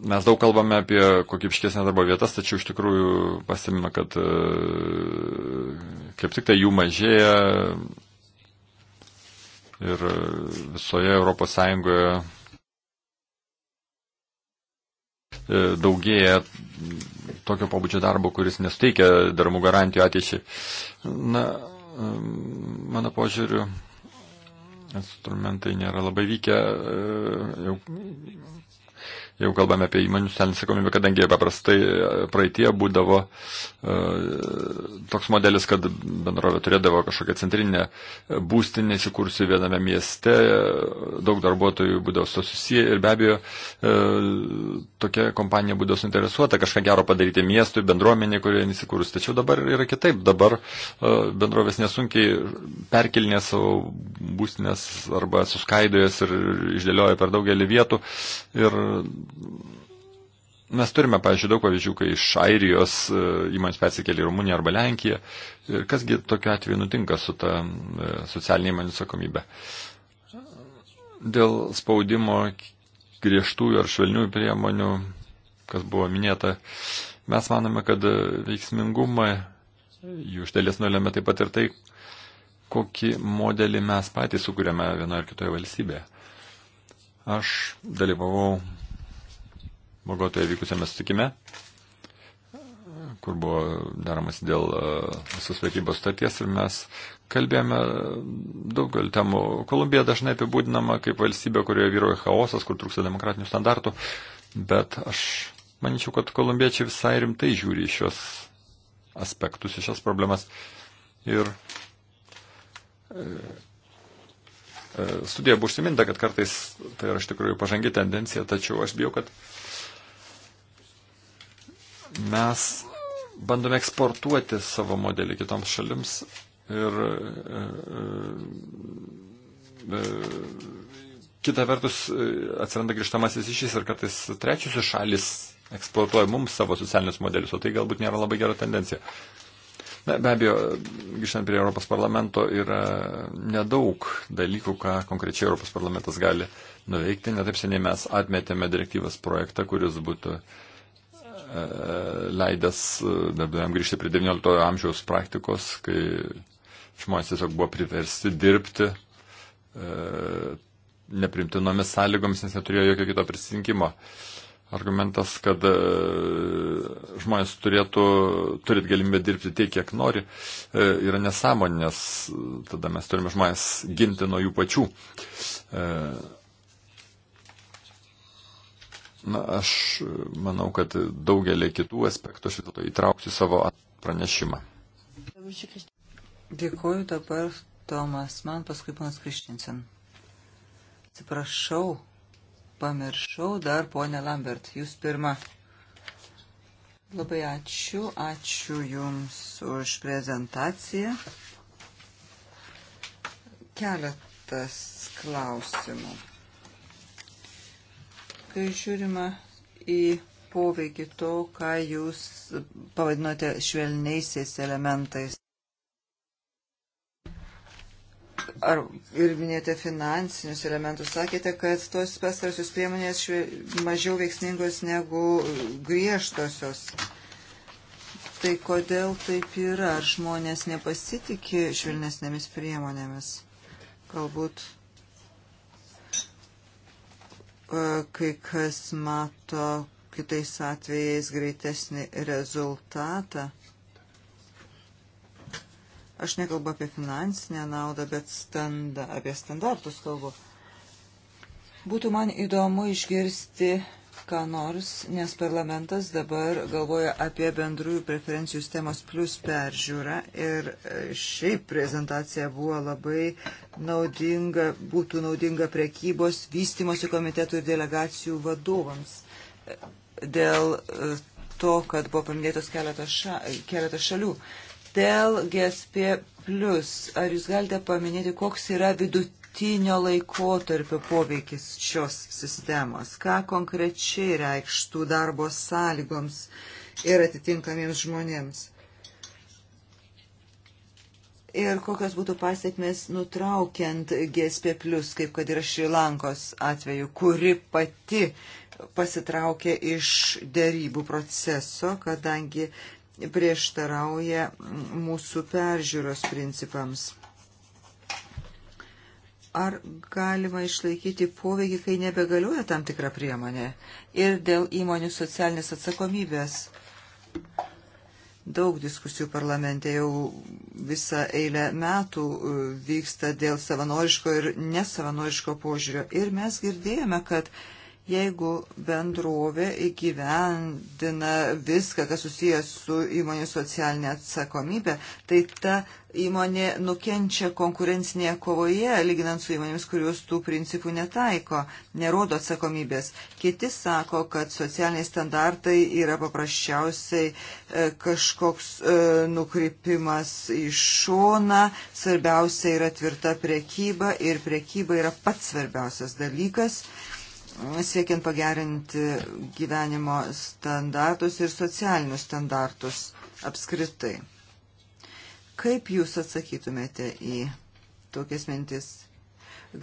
Mes daug kalbame apie kokybiškesnę darbo vietas, tačiau iš tikrųjų pasimime, kad e, kaip tik tai jų mažėja ir visoje Europos Sąjungoje E, daugėja tokio pabudžio darbo, kuris nesuteikia daromų garantijų ateičiai. Na, e, mano požiūriu, instrumentai nėra labai vykę. E, jau, jau kalbame apie įmonių socialinę atsakomybę, kadangi paprastai praeitie būdavo toks modelis, kad bendrovė turėdavo kažkokią centrinę būstinę įsikursiu viename mieste, daug darbuotojų būdavo su susiję ir be abejo e, tokia kompanija būdavo suinteresuota kažką gero padaryti miestui, bendruomenė, kurioje įsikurs. Tačiau dabar yra kitaip, dabar e, bendrovės nesunkiai perkelinė savo būstinės arba suskaidojas ir išdėlioja per daugelį vietų ir Mes turime, pavyzdžiui, daug pavyzdžių, kai iš Airijos e, įmonės persikėlė į Rumuniją arba Lenkiją. Ir kasgi tokiu atveju nutinka su ta e, socialinė įmonė atsakomybė? Dėl spaudimo griežtųjų ar švelniųjų priemonių, kas buvo minėta, mes manome, kad veiksmingumą jų iš dalies nulėmė taip pat ir tai, kokį modelį mes patys sukūrėme vienoje ar kitoje valstybėje. Aš dalyvavau Bogotoje vykusiame sutikime, kur buvo deramas dėl e, visos veikybos starties ir mes kalbėjome e, daugelį temų. Kolumbija dažnai apibūdinama kaip valstybė, kurioje vyroja chaosas, kur trūksta demokratinių standartų, bet aš manyčiau, kad kolumbiečiai visai rimtai žiūri į šios aspektus, į šias problemas. Ir e, studija buvo užsiminta, kad kartais tai yra iš tikrųjų pažangi tendencija, tačiau aš bijau, kad mes bandome eksportuoti savo modelį kitoms šalims ir e, e, e kita vertus e, atsiranda grįžtamasis išys ir kartais trečiosios šalis eksportuoja mums savo socialinius modelius, o tai galbūt nėra labai gera tendencija. Na, be abejo, grįžtant prie Europos parlamento yra nedaug dalykų, ką konkrečiai Europos parlamentas gali nuveikti. Netaip seniai mes atmetėme direktyvas projektą, kuris būtų uh, E, leidęs e, darbdaviam grįžti prie XIX amžiaus praktikos, kai žmonės tiesiog buvo priversti dirbti e, neprimtinomis sąlygomis, nes neturėjo jokio kito prisirinkimo. Argumentas, kad žmonės turėtų, turit galimybę dirbti tiek, kiek nori, yra nesąmonė, nes tada mes turime žmonės ginti nuo jų pačių. E, Na, aš e, manau, kad daugelį kitų aspektų aš to įtrauksiu savo pranešimą. Dėkuoju dabar Tomas, man paskui panas Krištinsen. Atsiprašau, pamiršau dar ponę Lambert, jūs pirma. Labai ačiū, ačiū Jums už prezentaciją. Keletas klausimų kai žiūrima į poveikį to, ką jūs pavadinote švelniaisiais elementais. Ar ir minėjote finansinius elementus, sakėte, kad tos pastarosios priemonės švė, mažiau veiksmingos negu griežtosios. Tai kodėl taip yra? Ar žmonės nepasitikė švelnesnėmis priemonėmis? Galbūt E, kai kas mato kitais atvejais greitesnį rezultatą. Aš nekalbu apie finansinę naudą, bet standa, apie standartus kalbu. Būtų man įdomu išgirsti ką nors, nes parlamentas dabar galvoja apie bendrųjų preferencijų sistemos plus peržiūrą ir e, šiaip prezentacija buvo labai naudinga, būtų naudinga prekybos vystimosi komitetų ir delegacijų vadovams. E, dėl e, to, kad buvo paminėtos keletas, ša, keletas šalių. Dėl GSP plus, ar jūs galite paminėti, koks yra vidutinis vidutinio laikotarpio poveikis šios sistemos, ką konkrečiai reikštų darbo sąlygoms ir atitinkamiems žmonėms. Ir kokios būtų pasiekmes nutraukiant GSP, kaip kad yra Šrilankos atveju, kuri pati pasitraukė iš dėrybų proceso, kadangi prieštarauja mūsų peržiūros principams ar galima išlaikyti poveikį, kai nebegalioja tam tikra priemonė ir dėl įmonių socialinės atsakomybės. Daug diskusijų parlamente jau visą eilę metų e, vyksta dėl savanoriško ir nesavanoriško požiūrio. Ir mes girdėjome, kad uh, Jeigu bendrovė įgyvendina viską, kas susijęs su įmonės socialinė atsakomybė, tai ta įmonė nukenčia konkurencinėje kovoje, lyginant su įmonėmis, kurios tų principų netaiko, nerodo atsakomybės. Kiti sako, kad socialiniai standartai yra paprasčiausiai e, kažkoks e, nukrypimas į šoną, svarbiausia yra tvirta prekyba ir prekyba yra pats svarbiausias dalykas siekiant pagerinti gyvenimo standartus ir socialinius standartus apskritai. Kaip jūs atsakytumėte į tokias mintis?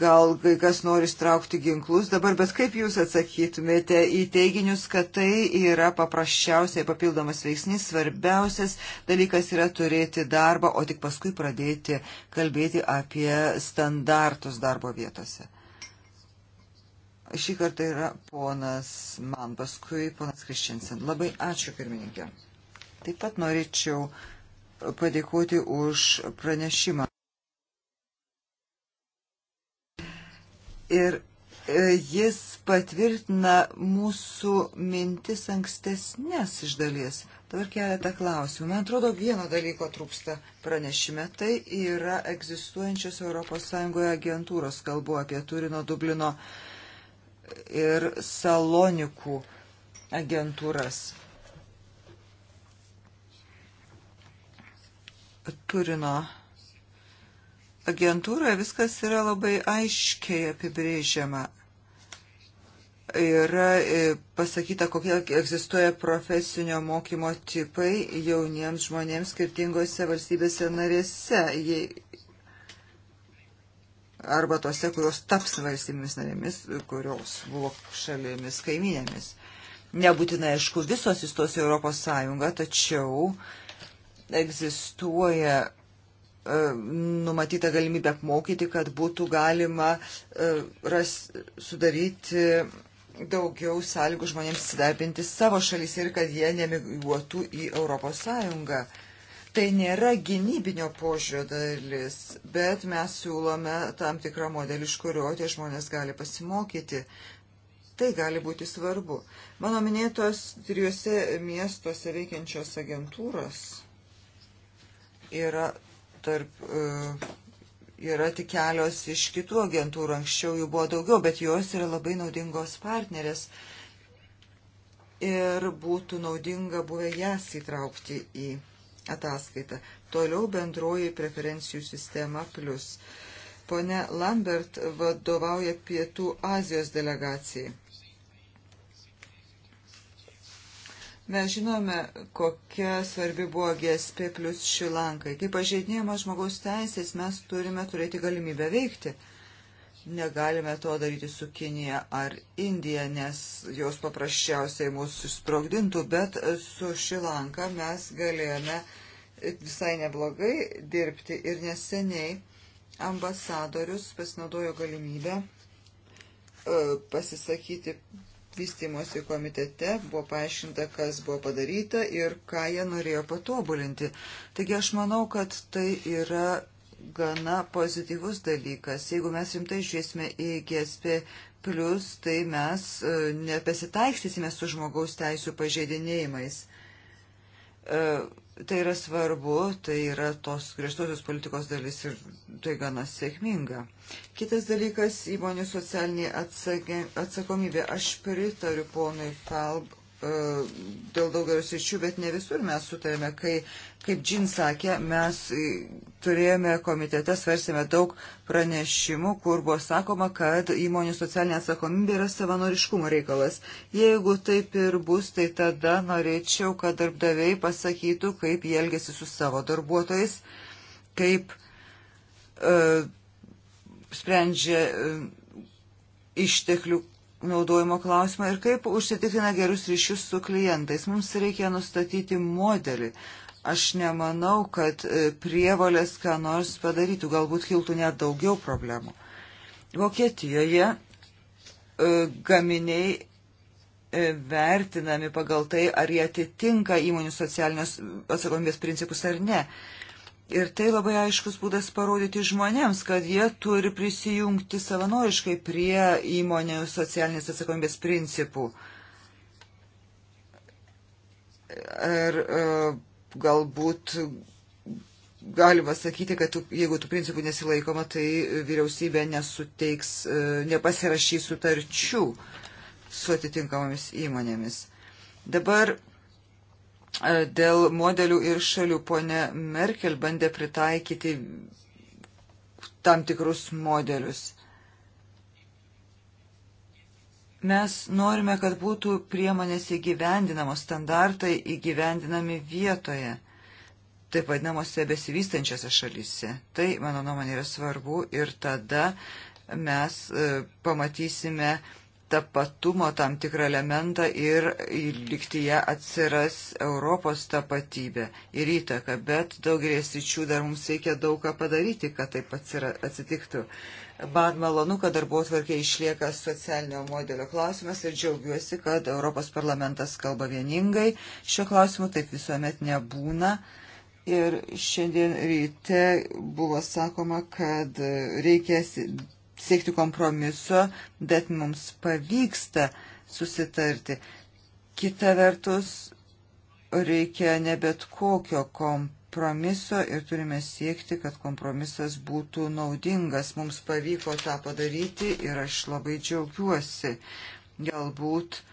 Gal kai kas nori straukti ginklus dabar, bet kaip jūs atsakytumėte į teiginius, kad tai yra paprasčiausiai papildomas veiksnys, svarbiausias dalykas yra turėti darbą, o tik paskui pradėti kalbėti apie standartus darbo vietose? Šį kartą yra ponas man, paskui ponas Kriščinsen. Labai ačiū, pirmininkė. Taip pat norėčiau padėkoti už pranešimą. Ir e, jis patvirtina mūsų mintis ankstesnės iš dalies. Dabar keletą klausimų. Man atrodo, vieno dalyko trūksta pranešime. Tai yra egzistuojančios ES agentūros. Kalbu apie Turino, Dublino, ir Salonikų agentūras. Turino agentūroje viskas yra labai aiškiai apibrėžiama. Yra e, pasakyta, kokie egzistuoja profesinio mokymo tipai jauniems žmonėms skirtingose valstybėse narėse. Jei arba tose, kurios taps valstybėmis narėmis, kurios buvo šalėmis kaiminėmis. Nebūtinai, aišku, visos įstos į Europos Sąjungą, tačiau egzistuoja e, numatyta galimybė apmokyti, kad būtų galima e, ras, sudaryti daugiau sąlygų žmonėms įsidarbinti savo šalyse ir kad jie nemigruotų į Europos Sąjungą. E, Tai nėra gynybinio požiūrio dalis, bet mes siūlome tam tikrą modelį, iš kurio tie žmonės gali pasimokyti. Tai gali būti svarbu. Mano minėtos trijose miestuose veikiančios agentūros yra, tarp, e, yra tik kelios iš kitų agentūrų. Anksčiau jų buvo daugiau, bet jos yra labai naudingos partnerės ir būtų naudinga buvę jas įtraukti į ataskaitą. Toliau bendroji preferencijų sistema plus. Pone Lambert vadovauja Pietų Azijos delegacijai. Mes žinome, kokia svarbi buvo GSP plus Šilankai. Kai pažeidinėjama žmogaus teisės, mes turime turėti galimybę veikti. Negalime to daryti su Kinija ar Indija, nes jos paprasčiausiai mūsų išsprogdintų, bet su Šilanka mes galėjome visai neblogai dirbti ir neseniai ambasadorius pasinaudojo galimybę e, pasisakyti vystimosi komitete, buvo paaiškinta, kas buvo padaryta ir ką jie norėjo patobulinti. Taigi aš manau, kad tai yra gana pozityvus dalykas. Jeigu mes rimtai žiūrėsime į GSP, plus, tai mes e, nepesitaikstysime su žmogaus teisų pažeidinėjimais. E, tai yra svarbu, tai yra tos griežtosios politikos dalis ir tai gana sėkminga. Kitas dalykas - įmonių socialinė atsakomybė. Aš pritariu ponui Kalb dėl daugelio sričių, bet ne visur mes sutarėme. Kai, kaip Džin sakė, mes e, turėjome komitete, svarstėme daug pranešimų, kur buvo sakoma, kad įmonių socialinė atsakomybė yra savanoriškumo reikalas. Jeigu taip ir bus, tai tada norėčiau, kad darbdaviai pasakytų, kaip jie elgesi su savo darbuotojais, kaip uh, sprendžia uh, išteklių naudojimo klausimą ir kaip užsitikrina gerus ryšius su klientais. Mums reikia nustatyti modelį. Aš nemanau, kad e, prievalės ką nors padarytų, galbūt kiltų net daugiau problemų. Vokietijoje e, gaminiai e, vertinami pagal tai, ar jie atitinka įmonių socialinės atsakomybės principus ar ne. Uh, Ir tai labai aiškus būdas parodyti žmonėms, kad jie turi prisijungti savanoriškai prie įmonių socialinės atsakomybės principų. Ir e, galbūt galima sakyti, kad tu, jeigu tų principų nesilaikoma, tai vyriausybė nesuteiks, e, nepasirašys sutarčių su atitinkamomis įmonėmis. Dabar E, dėl modelių ir šalių. Pone Merkel bandė pritaikyti tam tikrus modelius. Mes norime, kad būtų priemonės įgyvendinamos, standartai įgyvendinami vietoje, taip vadinamose besivystančiose šalyse. Tai, mano nuomonė, yra svarbu ir tada mes e, pamatysime, uh, tapatumo tam tikrą elementą ir liktyje atsiras Europos tapatybė ir įtaka, bet daugelės ryčių dar mums reikia daug ką padaryti, kad taip atsitiktų. Man malonu, kad darbo tvarkė išlieka socialinio modelio klausimas ir džiaugiuosi, kad Europos parlamentas kalba vieningai. Šio klausimu taip visuomet nebūna. Ir šiandien ryte buvo sakoma, kad reikės siekti kompromiso, bet mums pavyksta susitarti. Kita vertus, reikia ne bet kokio kompromiso ir turime siekti, kad kompromisas būtų naudingas. Mums pavyko tą padaryti ir aš labai džiaugiuosi. Galbūt e,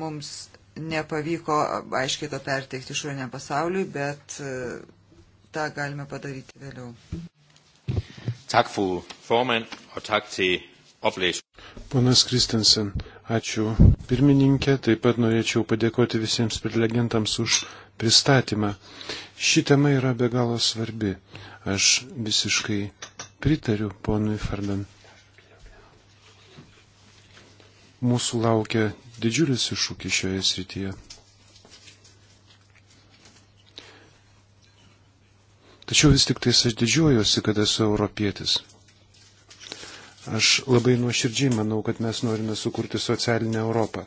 mums nepavyko aiškiai to perteikti išoriniam pasauliui, bet e, tą galime padaryti vėliau. Tak, fru formand, og tak til oplæs. Ponas Kristensen, ačiū pirmininkė, taip pat norėčiau padėkoti visiems prelegentams už pristatymą. Ši tema yra be galo svarbi. Aš visiškai pritariu ponui Farben. Mūsų laukia didžiulis iššūkis šioje srityje. Tačiau vis tik tais aš didžiuojuosi, kad esu europietis. Aš labai nuoširdžiai manau, kad mes norime sukurti socialinę Europą.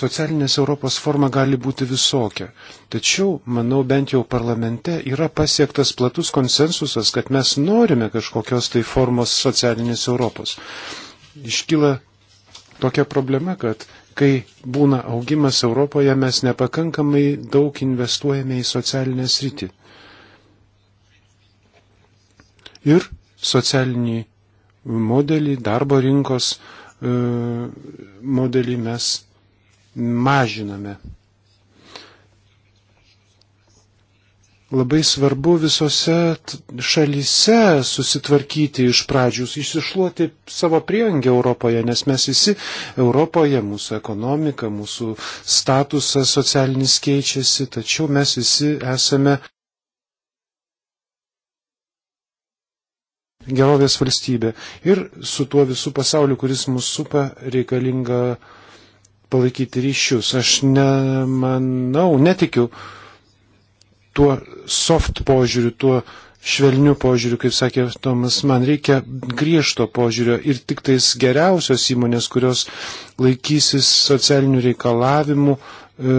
Socialinės Europos forma gali būti visokia, tačiau, manau, bent jau parlamente yra pasiektas platus konsensusas, kad mes norime kažkokios tai formos socialinės Europos. Iškyla tokia problema, kad kai būna augimas Europoje, mes nepakankamai daug investuojame į socialinę sritį ir socialinį modelį, darbo rinkos e, modelį mes mažiname. Labai svarbu visose šalyse susitvarkyti iš pradžių, išsišluoti savo priengę Europoje, nes mes visi Europoje, mūsų ekonomika, mūsų statusas socialinis keičiasi, tačiau mes visi esame gerovės valstybė. Ir su tuo visų pasauliu, kuris mus supa, reikalinga palaikyti ryšius. Aš nemanau, netikiu tuo soft požiūriu, tuo švelniu požiūriu, kaip sakė Tomas, man reikia griežto požiūrio ir tik tais geriausios įmonės, kurios laikysis socialinių reikalavimų, e,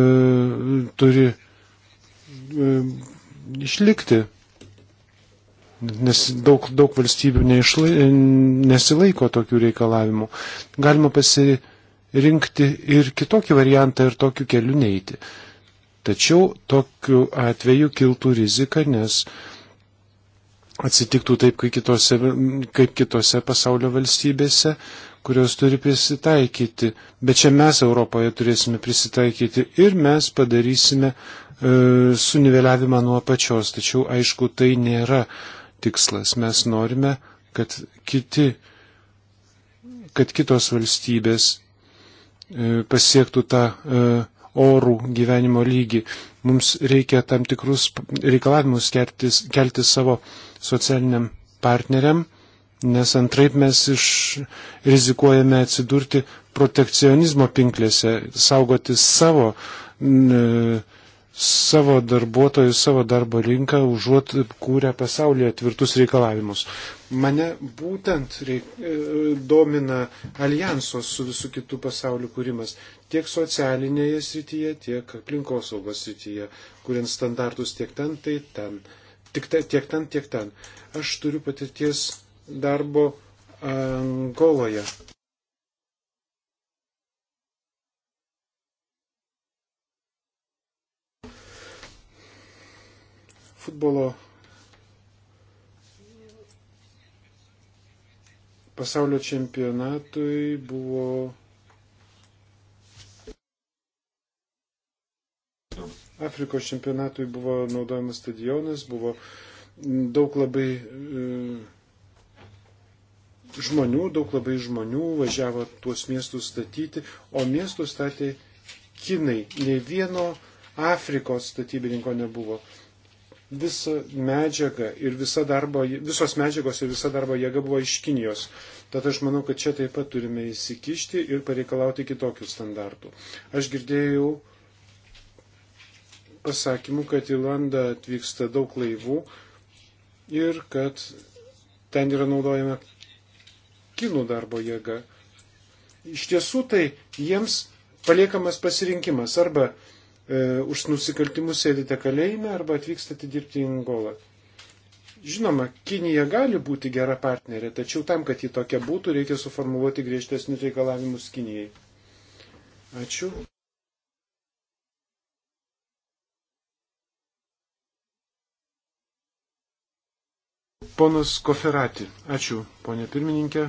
turi e, išlikti nes daug, daug valstybių neišla, nesilaiko tokių reikalavimų. Galima pasirinkti ir kitokį variantą ir tokiu keliu neiti. Tačiau tokiu atveju kiltų rizika, nes atsitiktų taip, kaip kitose, kaip kitose pasaulio valstybėse, kurios turi prisitaikyti. Bet čia mes Europoje turėsime prisitaikyti ir mes padarysime e, suniveliavimą nuo pačios. Tačiau, aišku, tai nėra e, tikslas. Mes norime, kad, kiti, kad kitos valstybės e, pasiektų tą e, orų gyvenimo lygį. Mums reikia tam tikrus reikalavimus keltis, kelti savo socialiniam partneriam, nes antraip mes iš rizikuojame atsidurti protekcionizmo pinklėse, saugoti savo n, savo darbuotojus, savo darbo rinką, užuot kūrę pasaulyje tvirtus reikalavimus. Mane būtent reik, e, domina alijansos su visų kitų pasaulių kūrimas tiek socialinėje srityje, tiek aplinkosaugos srityje, kuriant standartus tiek ten, tai ten. Tik ta, tiek ten, tiek ten. Aš turiu patirties darbo Angoloje. futbolo pasaulio čempionatui buvo Afrikos čempionatui buvo naudojamas stadionas, buvo daug labai e, žmonių, daug labai žmonių važiavo tuos miestus statyti, o miestus statė kinai. Ne vieno Afrikos statybininko nebuvo visa medžiaga ir visa darbo, visos medžiagos ir visa darbo jėga buvo iš Kinijos. Tad aš manau, kad čia taip pat turime įsikišti ir pareikalauti kitokių standartų. Aš girdėjau pasakymų, kad į Landą atvyksta daug laivų ir kad ten yra naudojama kinų darbo jėga. Iš tiesų tai jiems paliekamas pasirinkimas arba E, už nusikaltimus sėdite kalėjime arba atvykstate dirbti į Angolą. Žinoma, Kinija gali būti gera partnerė, tačiau tam, kad ji tokia būtų, reikia suformuoluoti griežtesnius reikalavimus Kinijai. Ačiū. Ponas Koferati. Ačiū, ponė pirmininkė.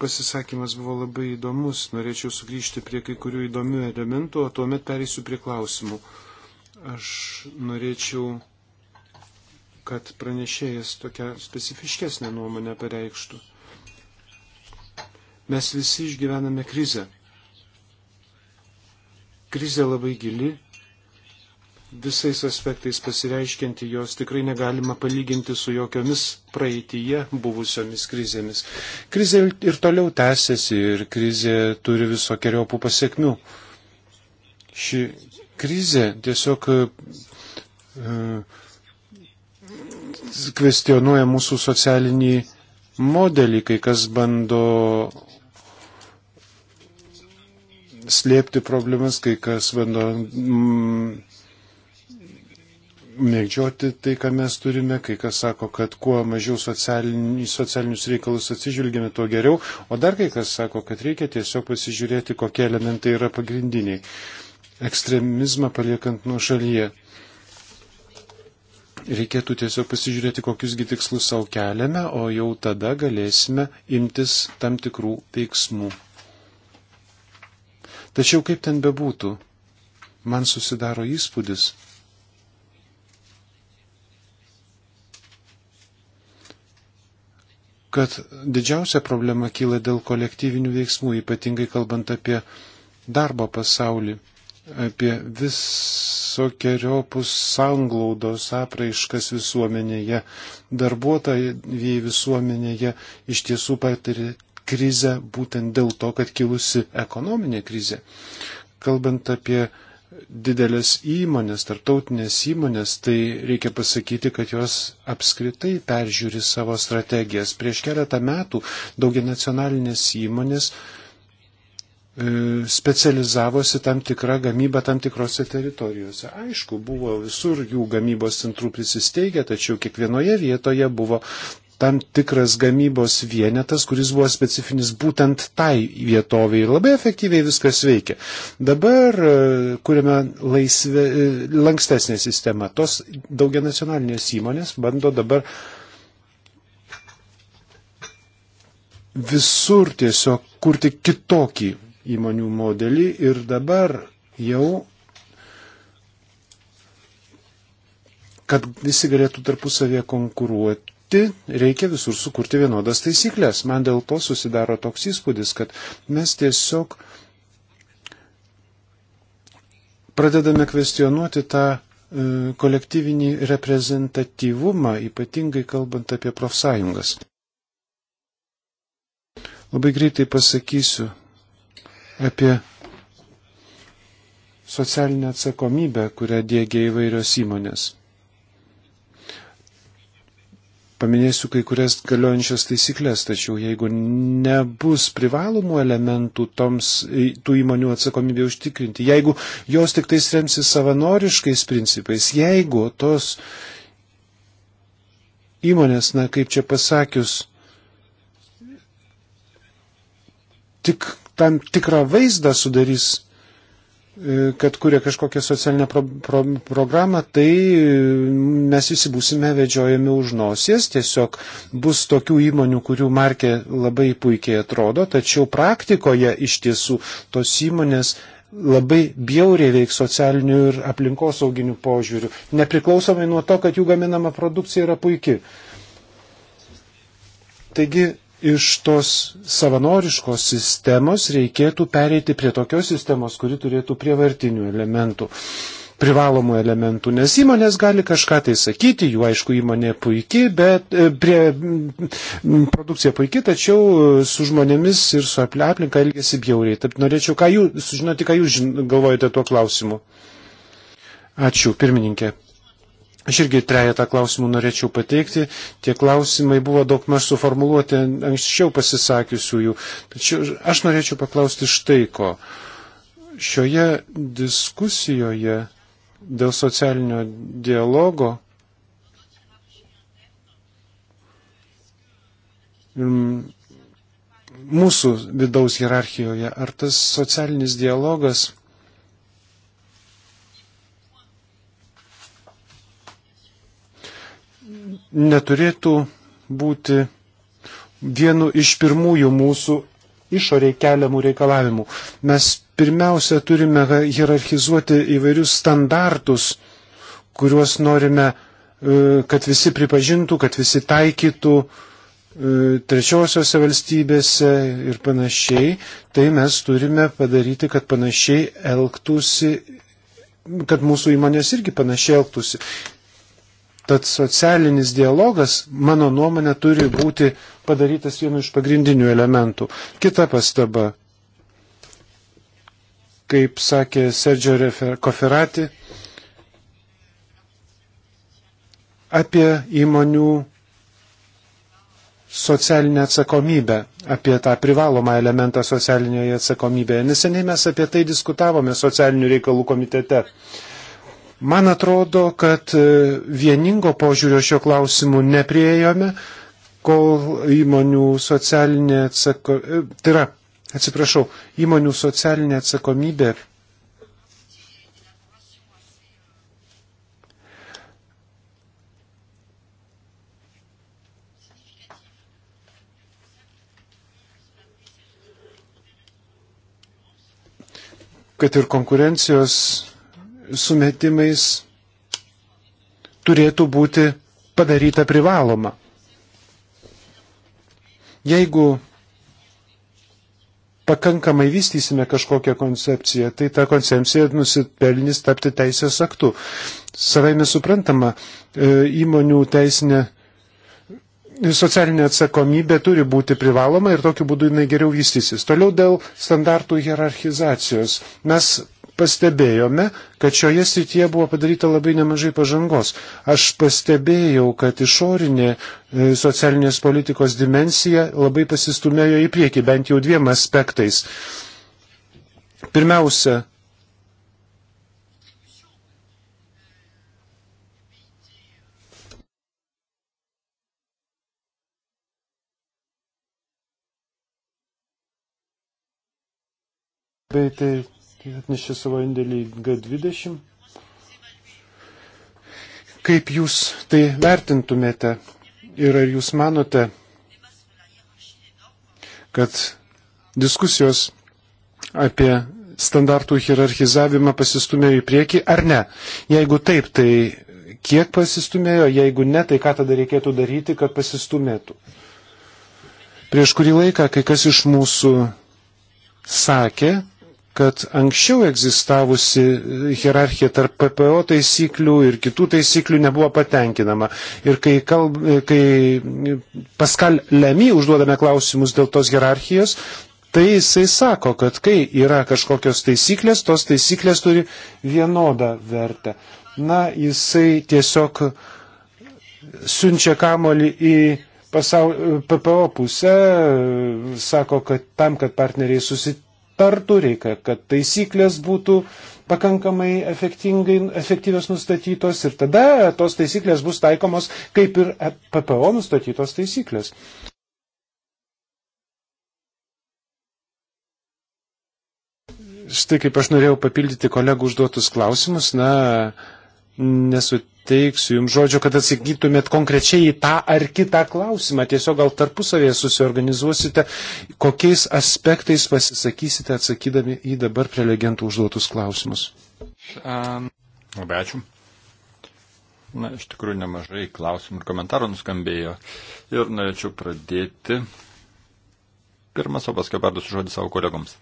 pasisakymas buvo labai įdomus. Norėčiau sugrįžti prie kai kurių įdomių elementų, o tuomet pereisiu prie klausimų. Aš norėčiau, kad pranešėjas tokią specifiškesnę nuomonę pareikštų. Mes visi išgyvename krizę. Krizė labai gili, visais aspektais pasireiškinti, jos tikrai negalima palyginti su jokiomis praeitįje buvusiomis krizėmis. Krizė ir toliau tęsiasi ir krizė turi visokiojopų pasiekmių. Ši krizė tiesiog e, kvestionuoja mūsų socialinį modelį, kai kas bando slėpti problemas, kai kas bando mm, mėgdžioti tai, ką mes turime. Kai kas sako, kad kuo mažiau socialin, socialinius reikalus atsižvelgiame, tuo geriau. O dar kai kas sako, kad reikia tiesiog pasižiūrėti, kokie elementai yra pagrindiniai. Ekstremizmą paliekant nuo šalyje. Reikėtų tiesiog pasižiūrėti, kokiusgi tikslus savo keliame, o jau tada galėsime imtis tam tikrų veiksmų. Tačiau kaip ten bebūtų, man susidaro įspūdis, kad didžiausia problema kyla dėl kolektyvinių veiksmų, ypatingai kalbant apie darbo pasaulį, apie visokiojopus sanglaudos apraiškas visuomenėje. Darbuotojai visuomenėje iš tiesų patiria krizę būtent dėl to, kad kilusi ekonominė krizė. Kalbant apie didelės įmonės, tarptautinės įmonės, tai reikia pasakyti, kad jos apskritai peržiūri savo strategijas. Prieš keletą metų daugia nacionalinės įmonės e, specializavosi tam tikrą gamybą tam tikrose teritorijose. Aišku, buvo visur jų gamybos centrų prisisteigę, tačiau kiekvienoje vietoje buvo tam tikras gamybos vienetas, kuris buvo specifinis būtent tai vietoviai ir labai efektyviai viskas veikia. Dabar e, kuriame laisvė, e, lankstesnė sistema. Tos daugianacionalinės įmonės bando dabar visur tiesiog kurti kitokį įmonių modelį ir dabar jau kad visi galėtų tarpusavėje konkuruoti dirbti, reikia visur sukurti vienodas taisyklės. Man dėl to susidaro toks įspūdis, kad mes tiesiog pradedame kvestionuoti tą e, kolektyvinį reprezentatyvumą, ypatingai kalbant apie profsąjungas. Labai greitai pasakysiu apie socialinę atsakomybę, kurią dėgia įvairios įmonės. Paminėsiu kai kurias galiojančias taisyklės, tačiau jeigu nebus privalomų elementų toms, tų įmonių atsakomybė užtikrinti, jeigu jos tik tais remsi savanoriškais principais, jeigu tos įmonės, na kaip čia pasakius, tik tam tikrą vaizdą sudarys E, kad kuria kažkokią socialinę pro, pro, programą, tai mes visi būsime vedžiojami už nosies. Tiesiog bus tokių įmonių, kurių markė labai puikiai atrodo, tačiau praktikoje iš tiesų tos įmonės labai bjauriai veik socialinių ir aplinkosauginių požiūrių, nepriklausomai nuo to, kad jų gaminama produkcija yra puikia. Taigi iš tos savanoriškos sistemos reikėtų pereiti prie tokios sistemos, kuri turėtų prievartinių elementų, privalomų elementų, nes įmonės gali kažką tai sakyti, jų aišku įmonė puikiai, bet e, prie, produkcija puikiai, tačiau su žmonėmis ir su aplinka elgesi bjauriai. Taip norėčiau ką jūs, sužinoti, ką jūs galvojate tuo klausimu. Ačiū, pirmininkė. Aš irgi trejata klausimų norėčiau pateikti. Tie klausimai buvo daug maž suformuluoti anksčiau pasisakiusiųjų. Tačiau aš norėčiau paklausti štai ko. Šioje diskusijoje dėl socialinio dialogo mūsų vidaus hierarchijoje, ar tas socialinis dialogas neturėtų būti vienu iš pirmųjų mūsų išoriai keliamų reikalavimų. Mes pirmiausia turime hierarchizuoti įvairius standartus, kuriuos norime, e, kad visi pripažintų, kad visi taikytų e, trečiosiose valstybėse ir panašiai, tai mes turime padaryti, kad panašiai elgtųsi, kad mūsų įmonės irgi panašiai elgtųsi. Tad socialinis dialogas, mano nuomonė, turi būti padarytas vienu iš pagrindinių elementų. Kita pastaba, kaip sakė Sergio Koferati, apie įmonių socialinę atsakomybę, apie tą privalomą elementą socialinėje atsakomybėje. Neseniai mes apie tai diskutavome socialinių reikalų komitete. Man atrodo, kad e, vieningo požiūrio šio klausimu nepriejome, kol įmonių socialinė atsakomybė, e, tai yra, atsiprašau, įmonių socialinė atsakomybė kad ir konkurencijos sumetimais turėtų būti padaryta privaloma. Jeigu pakankamai vystysime kažkokią koncepciją, tai ta koncepcija nusipelnys tapti teisės aktu. Savai mes suprantama, e, įmonių teisinė socialinė atsakomybė turi būti privaloma ir tokiu būdu jinai geriau vystysis. Toliau dėl standartų hierarchizacijos. Mes pastebėjome, kad šioje srityje buvo padaryta labai nemažai pažangos. Aš pastebėjau, kad išorinė e, socialinės politikos dimensija labai pasistumėjo į priekį, bent jau dviem aspektais. Pirmiausia, bei tai atnešė savo indėlį G20. Kaip jūs tai vertintumėte ir ar jūs manote, kad diskusijos apie standartų hierarchizavimą pasistumėjo į priekį ar ne? Jeigu taip, tai kiek pasistumėjo, jeigu ne, tai ką tada reikėtų daryti, kad pasistumėtų? Prieš kurį laiką kai kas iš mūsų sakė, kad anksčiau egzistavusi hierarchija tarp PPO taisyklių ir kitų taisyklių nebuvo patenkinama. Ir kai, kalb, kai Paskal Lemy užduodame klausimus dėl tos hierarchijos, tai jisai sako, kad kai yra kažkokios taisyklės, tos taisyklės turi vienodą vertę. Na, jisai tiesiog siunčia kamolį į pasaul... PPO pusę, sako, kad tam, kad partneriai susitiktų aptartų, reikia, kad taisyklės būtų pakankamai efektyvios nustatytos ir tada tos taisyklės bus taikomos kaip ir PPO nustatytos taisyklės. Štai kaip aš norėjau papildyti kolegų užduotus klausimus, na, nesu suteiksiu jums žodžio, kad atsakytumėt konkrečiai į tą ar kitą klausimą. Tiesiog gal tarpusavėje susiorganizuosite, kokiais aspektais pasisakysite atsakydami į dabar prelegentų užduotus klausimus. Um, labai ačiū. Na, iš tikrųjų nemažai klausimų ir komentarų nuskambėjo. Ir norėčiau pradėti. Pirmas, o paskui perduosiu žodį savo kolegoms.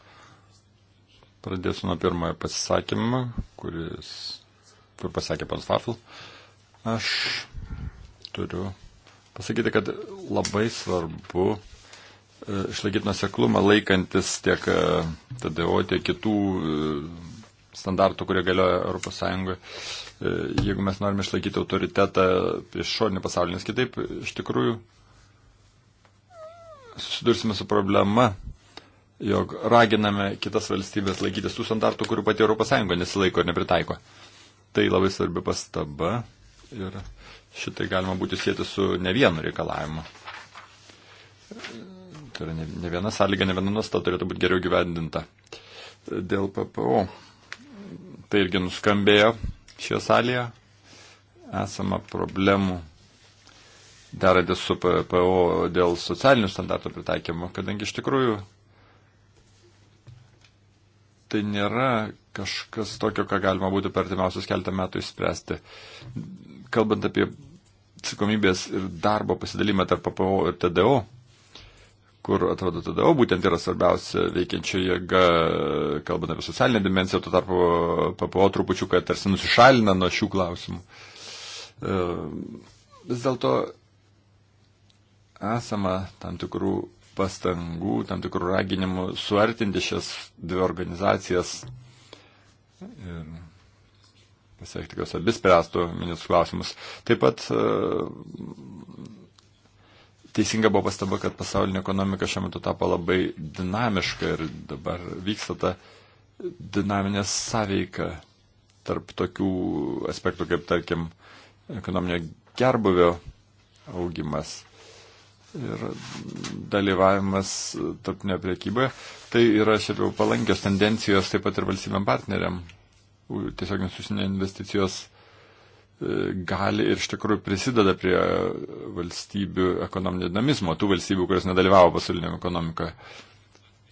Pradėsiu nuo pirmojo pasisakymo, kuris, kur pasakė pans Fafil. Uh, Aš turiu pasakyti, kad labai svarbu e, išlaikyti nuseklumą laikantis tiek e, TDO, tiek kitų e, standartų, kurie galioja ES. Jeigu mes norime išlaikyti autoritetą prieš šoninį pasaulį, nes kitaip iš tikrųjų susidursime su problema, jog raginame kitas valstybės laikytis tų standartų, kurių pati ES nesilaiko ir nepritaiko. Tai labai svarbi pastaba. Ir šitai galima būti sėti su ne vienu reikalavimu. Tai yra ne, ne viena sąlyga, ne viena nuostata turėtų būti geriau gyvendinta. Dėl PPO. Tai irgi nuskambėjo šioje salėje. Esama problemų derantis su PPO dėl socialinių standartų pritaikymo, kadangi iš tikrųjų tai nėra kažkas tokio, ką galima būtų per timiausius keltą metų išspręsti kalbant apie atsakomybės ir darbo pasidalimą tarp PPO ir TDO, kur atrodo TDO būtent yra svarbiausia veikiančia jėga, kalbant apie socialinę dimenciją, tuo tarpu PPO trupučiu, kad tarsi nusišalina nuo šių klausimų. E, vis dėlto esama tam tikrų pastangų, tam tikrų raginimų suartinti šias dvi organizacijas. Ir pasiekti, kad abi spręstų ministrų klausimus. Taip pat e, teisinga buvo pastaba, kad pasaulinė ekonomika šiuo metu tapo labai dinamiška ir dabar vyksta ta dinaminė sąveika tarp tokių aspektų kaip, tarkim, ekonominio gerbuvio augimas ir dalyvavimas tarpinė priekyboje. Tai yra šiaip jau palankios tendencijos taip pat ir valstybėm partneriam tiesiog nesusinė investicijos e, gali ir iš tikrųjų prisideda prie valstybių ekonominio dinamizmo, tų valstybių, kurios nedalyvavo pasaulinėje ekonomikoje.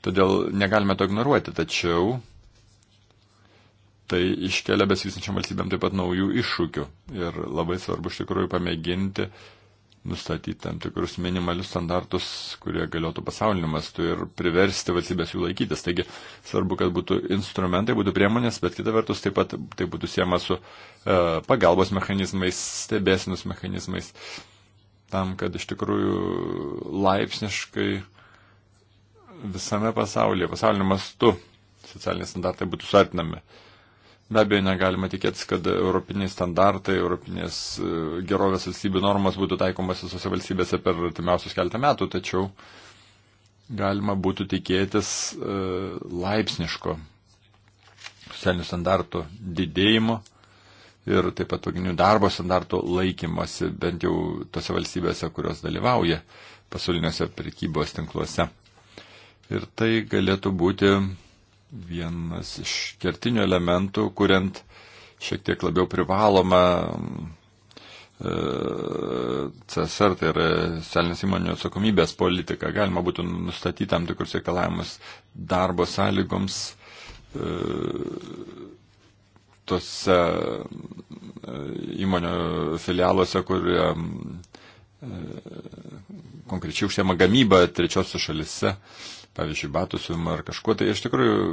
Todėl negalime to ignoruoti, tačiau tai iškelia besivystančiam valstybėm taip pat naujų iššūkių. Ir labai svarbu iš tikrųjų pamėginti nustatyti tam tikrus minimalius standartus, kurie galėtų pasauliniu mastu ir priversti valstybės jų laikytis. Taigi svarbu, kad būtų instrumentai, būtų priemonės, bet kita vertus taip pat tai būtų siema su e, pagalbos mechanizmais, stebėsinus mechanizmais, tam, kad iš tikrųjų laipsniškai visame pasaulyje, pasauliniu mastu socialiniai standartai būtų suartinami. E, Be abejo, negalima tikėtis, kad europiniai standartai, europinės e, gerovės valstybių normas būtų taikomas visose valstybėse per artimiausius keletą metų, tačiau galima būtų tikėtis e, laipsniško socialinių standartų didėjimo ir taip pat pagrindinių darbo standartų laikymosi bent jau tose valstybėse, kurios dalyvauja pasauliniuose prekybos tinkluose. Ir tai galėtų būti vienas iš kertinių elementų, kuriant šiek tiek labiau privalomą e, CSR, tai yra socialinės įmonių atsakomybės politika. Galima būtų nustatyti tam tikrus reikalavimus darbo sąlygoms e, tose e, įmonių filialuose, kur konkrečiai užsiema gamyba trečiosios šalise. Uh, pavyzdžiui, batų siūlymą ar kažkuo, tai iš tikrųjų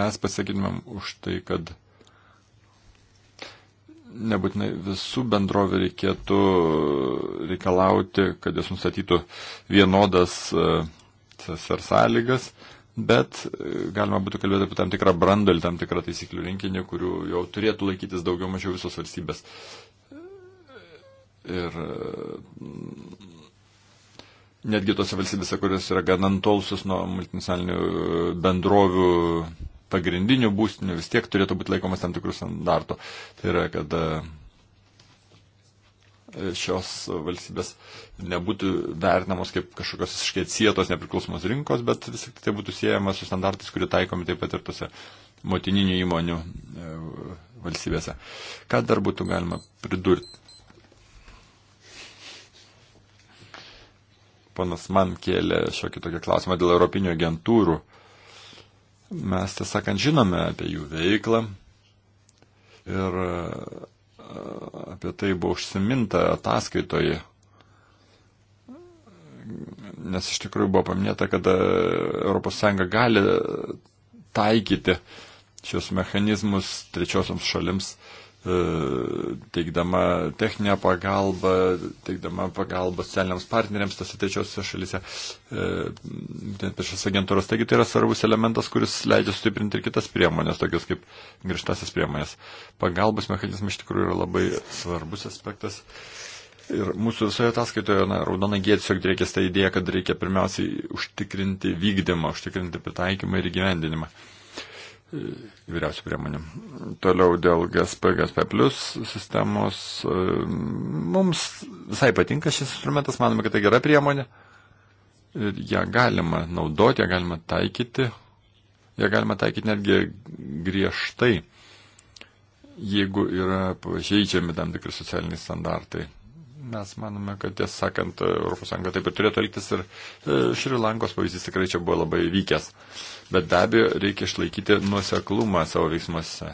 mes pasakytumėm už tai, kad nebūtinai visų bendrovė reikėtų reikalauti, kad jis nustatytų vienodas e, CSR sąlygas, bet e, galima būtų kalbėti apie tam tikrą brandalį, tam tikrą taisyklių rinkinį, kurių jau turėtų laikytis daugiau mažiau visos valstybės. E, ir netgi tose valstybėse, kurios yra gan antolusios nuo multinacionalinių e, bendrovių pagrindinių būstinių, vis tiek turėtų būti laikomas tam tikrų standartų. Tai yra, kad e, e, šios valstybės nebūtų vertinamos kaip kažkokios visiškai atsietos nepriklausomos rinkos, bet vis tik tai būtų siejama su standartais, kurie taikomi taip pat ir tose motininių įmonių valstybėse. Ką dar būtų galima pridurti? ponas man kėlė šiokį tokį klausimą dėl Europinių agentūrų. Mes, tiesąkant, žinome apie jų veiklą ir e, apie tai buvo užsiminta ataskaitoje. Nes iš tikrųjų buvo paminėta, kad ES gali taikyti šios mechanizmus trečiosiams šalims E, teikdama techninę pagalbą, teikdama pagalbą socialiniams partneriams tose trečiosiuose šalise, e, per šias agentūras. Taigi tai yra svarbus elementas, kuris leidžia sustiprinti ir kitas priemonės, tokias kaip grįžtasis priemonės. Pagalbos mechanizmas iš tikrųjų yra labai svarbus aspektas. Ir mūsų visoje ataskaitoje, na, raudona gėda tiesiog reikės tą idėją, kad reikia pirmiausiai užtikrinti vykdymą, užtikrinti pritaikymą ir įgyvendinimą. Uh, įvairiausių priemonių. Toliau dėl GSP, GSP plus sistemos. E, mums visai patinka šis instrumentas, manome, kad tai gera priemonė. Ir ją galima naudoti, ją galima taikyti, ją galima taikyti netgi griežtai, jeigu yra pažeidžiami tam tikri socialiniai standartai. Mes manome, kad tiesą sakant, ES taip ir turėtų elgtis ir e, Šri Lankos pavyzdys tikrai čia buvo labai vykęs. Uh, bet be abejo reikia išlaikyti nuoseklumą savo veiksmuose.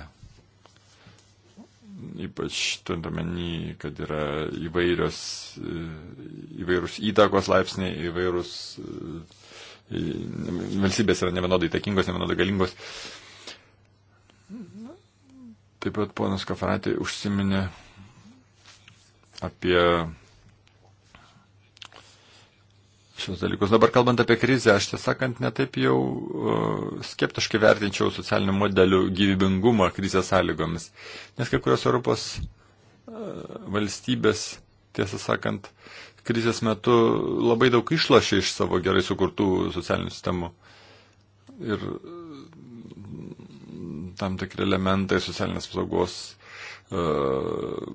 Ypač turint omeny, kad yra įvairios, e, įvairūs įtakos laipsniai, įvairūs e, valstybės yra nevienodai įtakingos, nevienodai galingos. Taip pat ponas Kafaratė užsiminė apie šios dalykus. Dabar kalbant apie krizę, aš tiesąkant netaip jau uh, skeptiškai vertinčiau socialinių modelių gyvybingumą krizės sąlygomis, nes kai kurios Europos uh, valstybės, tiesą sakant, krizės metu labai daug išlašė iš savo gerai sukurtų socialinių sistemų. Ir mm, tam tikri elementai socialinės apsaugos uh,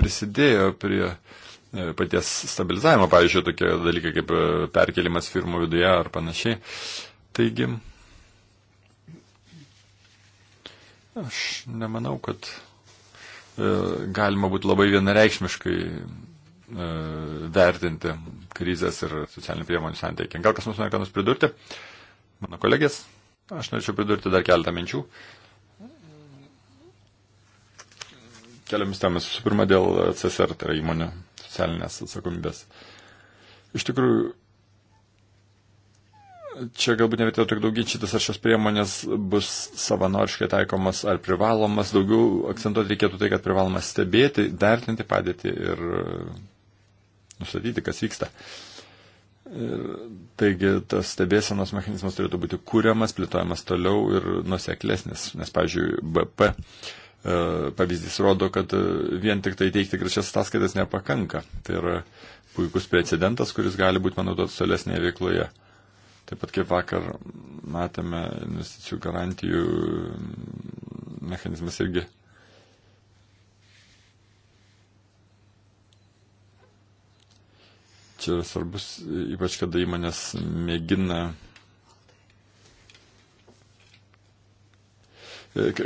prisidėjo prie uh, E, paties stabilizavimo, pavyzdžiui, tokie dalykai kaip e, perkelimas firmų viduje ar panašiai. Taigi, aš nemanau, kad e, galima būtų labai vienareikšmiškai vertinti krizės ir socialinių priemonių santykį. Gal kas mums nori ką nors pridurti? Mano kolegės, aš norėčiau pridurti dar keletą minčių. Keliomis temomis visų pirma dėl CSR, tai yra įmonių socialinės atsakomybės. Iš tikrųjų, čia galbūt nevietėjo tik daug ginčytis, ar šios priemonės bus savanoriškai taikomas ar privalomas. Daugiau akcentuoti reikėtų tai, kad privaloma stebėti, vertinti padėtį ir e, nustatyti, kas vyksta. Ir, taigi tas stebėsenos mechanizmas turėtų būti kūriamas, plėtojamas toliau ir nuseklesnis, nes, pavyzdžiui, BP E, pavyzdys rodo, kad e, vien tik tai teikti gražias ataskaitas nepakanka. Tai yra puikus precedentas, kuris gali būti panaudotas tolesnėje veikloje. Taip pat kaip vakar matėme, investicijų garantijų mechanizmas irgi. Čia svarbus, ypač kada įmonės mėgina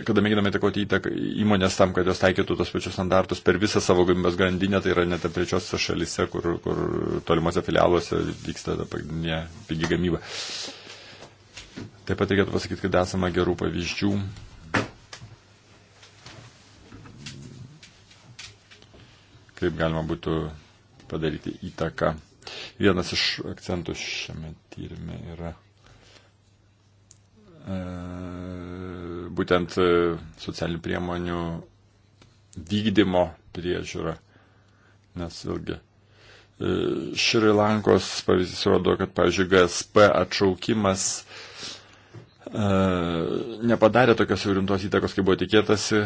kada mėginame įtakoti įtak, įmonės tam, kad jos taikytų tos pačius standartus per visą savo gamybos grandinę, tai yra net trečiosiose šalise, kur, kur tolimuose filialuose vyksta ta pagrindinė pigi gamyba. Taip pat reikėtų pasakyti, kad esame gerų pavyzdžių. Kaip galima būtų padaryti įtaką. Vienas iš akcentų šiame tyrimė yra E, būtent e, socialinių priemonių vykdymo priežiūra. Nes vėlgi e, Šri Lankos pavyzdys rodo, kad, pavyzdžiui, GSP atšaukimas nepadarė tokios rimtos įtakos, kaip buvo tikėtasi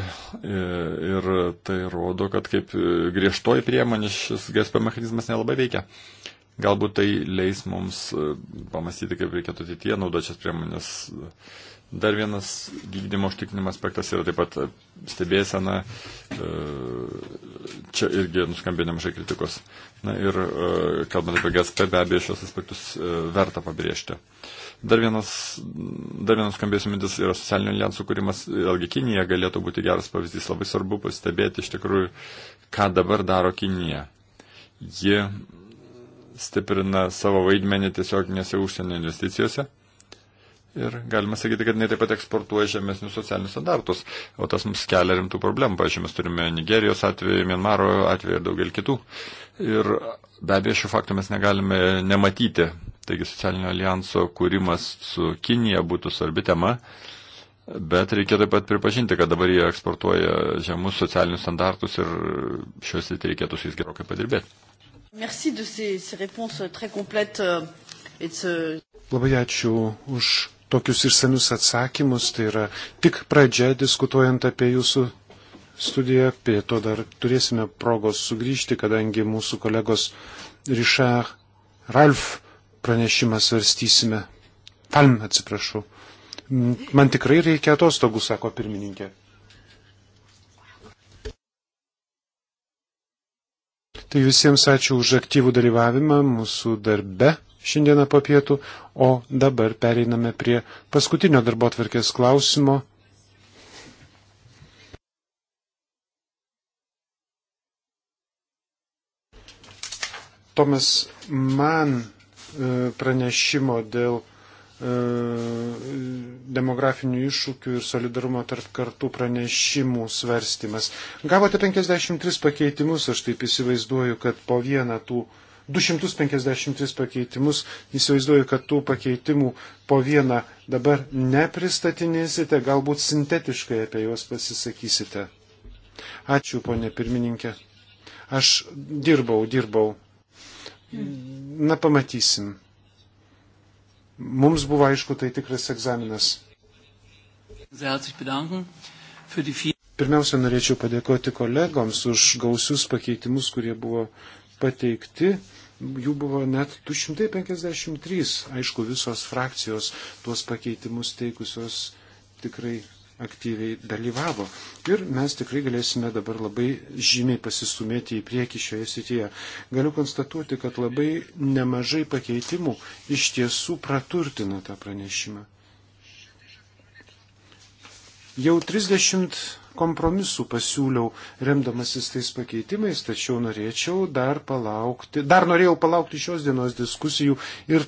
ir tai rodo, kad kaip griežtoji priemonė šis GSP mechanizmas nelabai veikia. Uh, Galbūt tai leis mums e, pamastyti, kaip reikėtų ateityje naudoti šias priemonės. Dar vienas gydymo užtikrinimo aspektas yra taip pat e, stebėsena. E, čia irgi nuskambė nemažai kritikos. Na ir kalbant apie GSP, be abejo, šios aspektus verta pabrėžti. Dar vienas, dar vienas skambėsiu mintis yra socialinio alijansų kūrimas. Vėlgi Kinija galėtų būti geras pavyzdys. Labai svarbu pastebėti iš tikrųjų, ką dabar daro Kinija. Ji stiprina savo vaidmenį tiesioginėse užsienio investicijose. Ir galima sakyti, kad jinai taip pat eksportuoja žemesnius socialinius standartus, o tas mums kelia rimtų problemų. Pavyzdžiui, mes turime Nigerijos atvejį, Mienmaro atvejį ir daugelį kitų. Ir be abejo, šių faktų mes negalime nematyti. Taigi socialinio alijanso kūrimas su Kinija būtų svarbi tema, bet reikia taip pat pripažinti, kad dabar jie eksportuoja žemus socialinius standartus ir šios įtį reikėtų su jais gerokai padirbėti. Merci de ces, ces réponses très complètes. Euh, ce... Labai ačiū už tokius išsamius atsakymus. Tai yra tik pradžia diskutuojant apie jūsų studiją. Prie to dar turėsime progos sugrįžti, kadangi mūsų kolegos Richard Ralf pranešimą svarstysime. Palm, atsiprašau. Man tikrai reikia atostogų, sako pirmininkė. Tai visiems ačiū už aktyvų dalyvavimą mūsų darbe šiandieną po pietų, o dabar pereiname prie paskutinio darbo atvarkės klausimo. Tomas man e, pranešimo dėl E, demografinių iššūkių ir solidarumo tarp kartų pranešimų svarstymas. Gavote 53 pakeitimus, aš taip įsivaizduoju, kad po vieną tų 253 pakeitimus, įsivaizduoju, kad tų pakeitimų po vieną dabar nepristatinėsite, galbūt sintetiškai apie juos pasisakysite. Ačiū, ponė pirmininkė. Aš dirbau, dirbau. Na, pamatysim. Mums buvo aišku, tai tikras egzaminas. Pirmiausia, norėčiau padėkoti kolegoms už gausius pakeitimus, kurie buvo pateikti. Jų buvo net 253. Aišku, visos frakcijos tuos pakeitimus teikusios tikrai aktyviai dalyvavo. Ir mes tikrai galėsime dabar labai žymiai pasistumėti į priekį šioje srityje. Galiu konstatuoti, kad labai nemažai pakeitimų iš tiesų praturtina tą pranešimą. Jau 30 kompromisų pasiūliau remdamasis tais pakeitimais, tačiau norėčiau dar palaukti, dar norėjau palaukti šios dienos diskusijų ir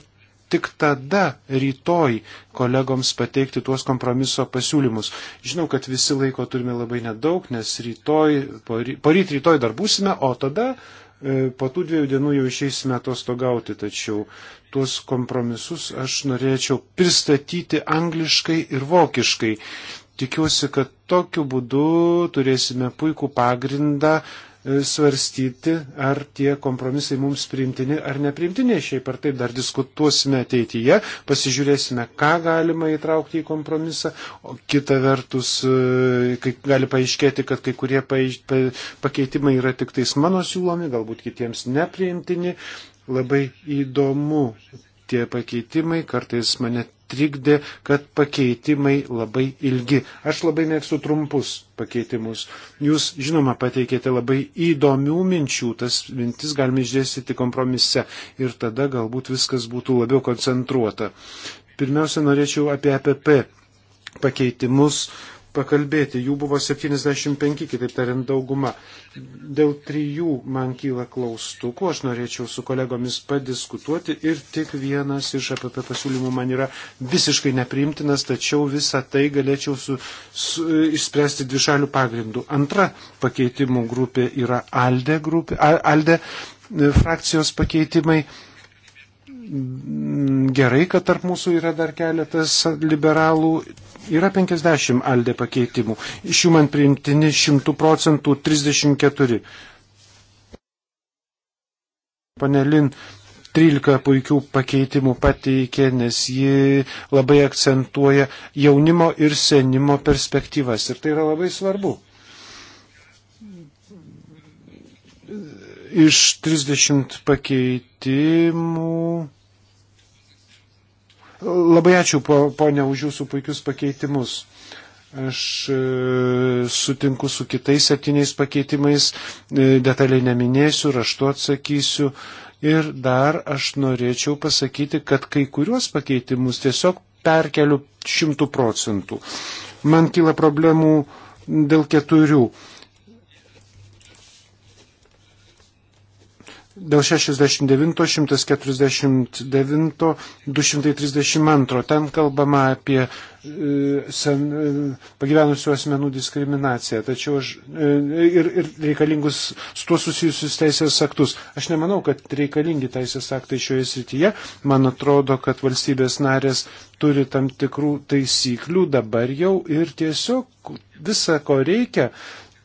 tik tada rytoj kolegoms pateikti tuos kompromiso pasiūlymus. Žinau, kad visi laiko turime labai nedaug, nes rytoj, poryt rytoj dar būsime, o tada e, po tų dviejų dienų jau išeisime atostogauti, tačiau tuos kompromisus aš norėčiau pristatyti angliškai ir vokiškai. Tikiuosi, kad tokiu būdu turėsime puikų pagrindą E, svarstyti, ar tie kompromisai mums priimtini ar nepriimtini. Šiaip ar taip dar diskutuosime ateityje, pasižiūrėsime, ką galima įtraukti į kompromisą, o kita vertus, e, kai gali paaiškėti, kad kai kurie pakeitimai yra tik tais mano siūlomi, galbūt kitiems nepriimtini. Labai įdomu tie pakeitimai kartais mane trikdė, kad pakeitimai labai ilgi. Aš labai mėgstu trumpus pakeitimus. Jūs, žinoma, pateikėte labai įdomių minčių, tas mintis galime išdėstyti kompromise ir tada galbūt viskas būtų labiau koncentruota. Pirmiausia, norėčiau apie APP pakeitimus pakalbėti. Jų buvo 75, kitaip tariant, dauguma. Dėl trijų man kyla klaustukų, aš norėčiau su kolegomis padiskutuoti ir tik vienas iš APP pasiūlymų man yra visiškai nepriimtinas, tačiau visą tai galėčiau su, su, išspręsti dvišalių pagrindų. Antra pakeitimų grupė yra ALDE, grupė, ALDE e, frakcijos pakeitimai gerai, kad tarp mūsų yra dar keletas liberalų Yra 50 aldė pakeitimų. Iš jų man priimtini 100 procentų 34. Panelin 13 puikių pakeitimų pateikė, nes ji labai akcentuoja jaunimo ir senimo perspektyvas. Ir tai yra labai svarbu. Iš 30 pakeitimų Labai ačiū, ponia, už jūsų puikius pakeitimus. Aš e, sutinku su kitais septyniais pakeitimais, e, detaliai neminėsiu, raštu atsakysiu. Ir dar aš norėčiau pasakyti, kad kai kuriuos pakeitimus tiesiog perkeliu šimtų procentų. Man kyla problemų dėl keturių. dėl 69, 149, 232. Ten kalbama apie e, sen, e, pagyvenusių asmenų diskriminaciją tačiau aš, e, ir, ir reikalingus su tuo susijusius teisės aktus. Aš nemanau, kad reikalingi teisės aktai šioje srityje. Man atrodo, kad valstybės narės turi tam tikrų taisyklių dabar jau ir tiesiog visą, ko reikia,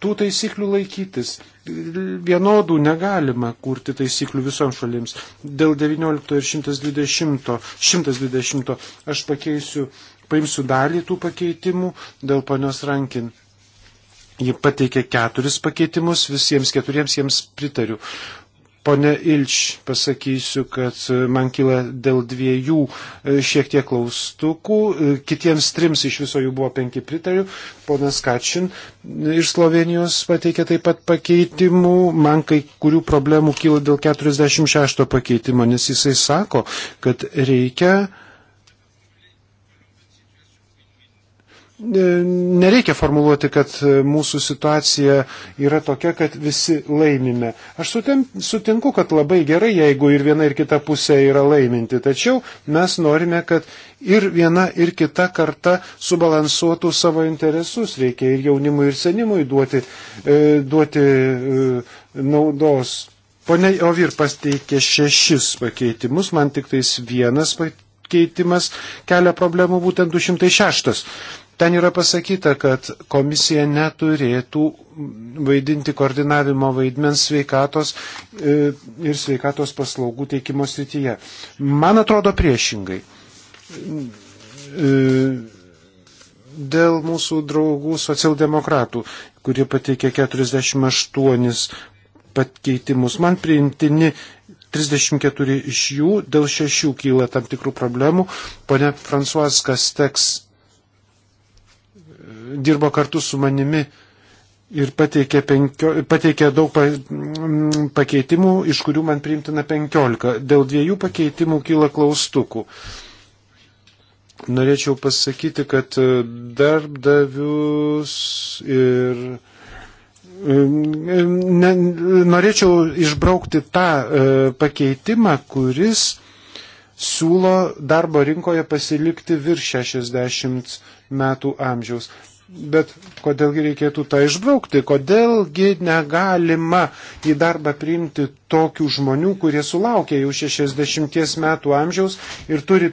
tų taisyklių laikytis vienodų negalima kurti taisyklių visoms šalims. Dėl 19 ir 120, 120 aš pakeisiu, paimsiu dalį tų pakeitimų dėl ponios Rankin. Ji pateikė keturis pakeitimus, visiems keturiems jiems pritariu. Pone Ilč, pasakysiu, kad man kyla dėl dviejų e, šiek tiek klaustukų, e, kitiems trims iš viso jų buvo penki pritariu. Ponas Kačin iš Slovenijos pateikė taip pat pakeitimų, man kai kurių problemų kyla dėl 46 pakeitimo, nes jisai sako, kad reikia nereikia formuluoti, kad e, mūsų situacija yra tokia, kad visi laimime. Aš sutinku, kad labai gerai, jeigu ir viena ir kita pusė yra laiminti, tačiau mes norime, kad ir viena ir kita karta subalansuotų savo interesus. Reikia ir jaunimui, ir senimui duoti, e, duoti e, naudos. Pone Ovir pasteikė šešis pakeitimus, man tik tais vienas pakeitimas kelia problemų būtent 206 Ten yra pasakyta, kad komisija neturėtų vaidinti koordinavimo vaidmens sveikatos e, ir sveikatos paslaugų teikimo srityje. Man atrodo priešingai. E, dėl mūsų draugų socialdemokratų, kurie pateikė 48 pakeitimus, man priimtini 34 iš jų, dėl šešių kyla tam tikrų problemų. Pone Fransuas Kasteks dirbo kartu su manimi ir pateikė, penkio, pateikė daug pa, m, mm, pakeitimų, iš kurių man priimtina 15. Dėl dviejų pakeitimų kyla klaustukų. Norėčiau pasakyti, kad e, darbdavius ir e, ne, norėčiau išbraukti tą e, pakeitimą, kuris siūlo darbo rinkoje pasilikti virš 60 metų amžiaus. Bet kodėlgi reikėtų tą išbraukti? Kodėlgi negalima į darbą priimti tokių žmonių, kurie sulaukia jau 60 metų amžiaus ir turi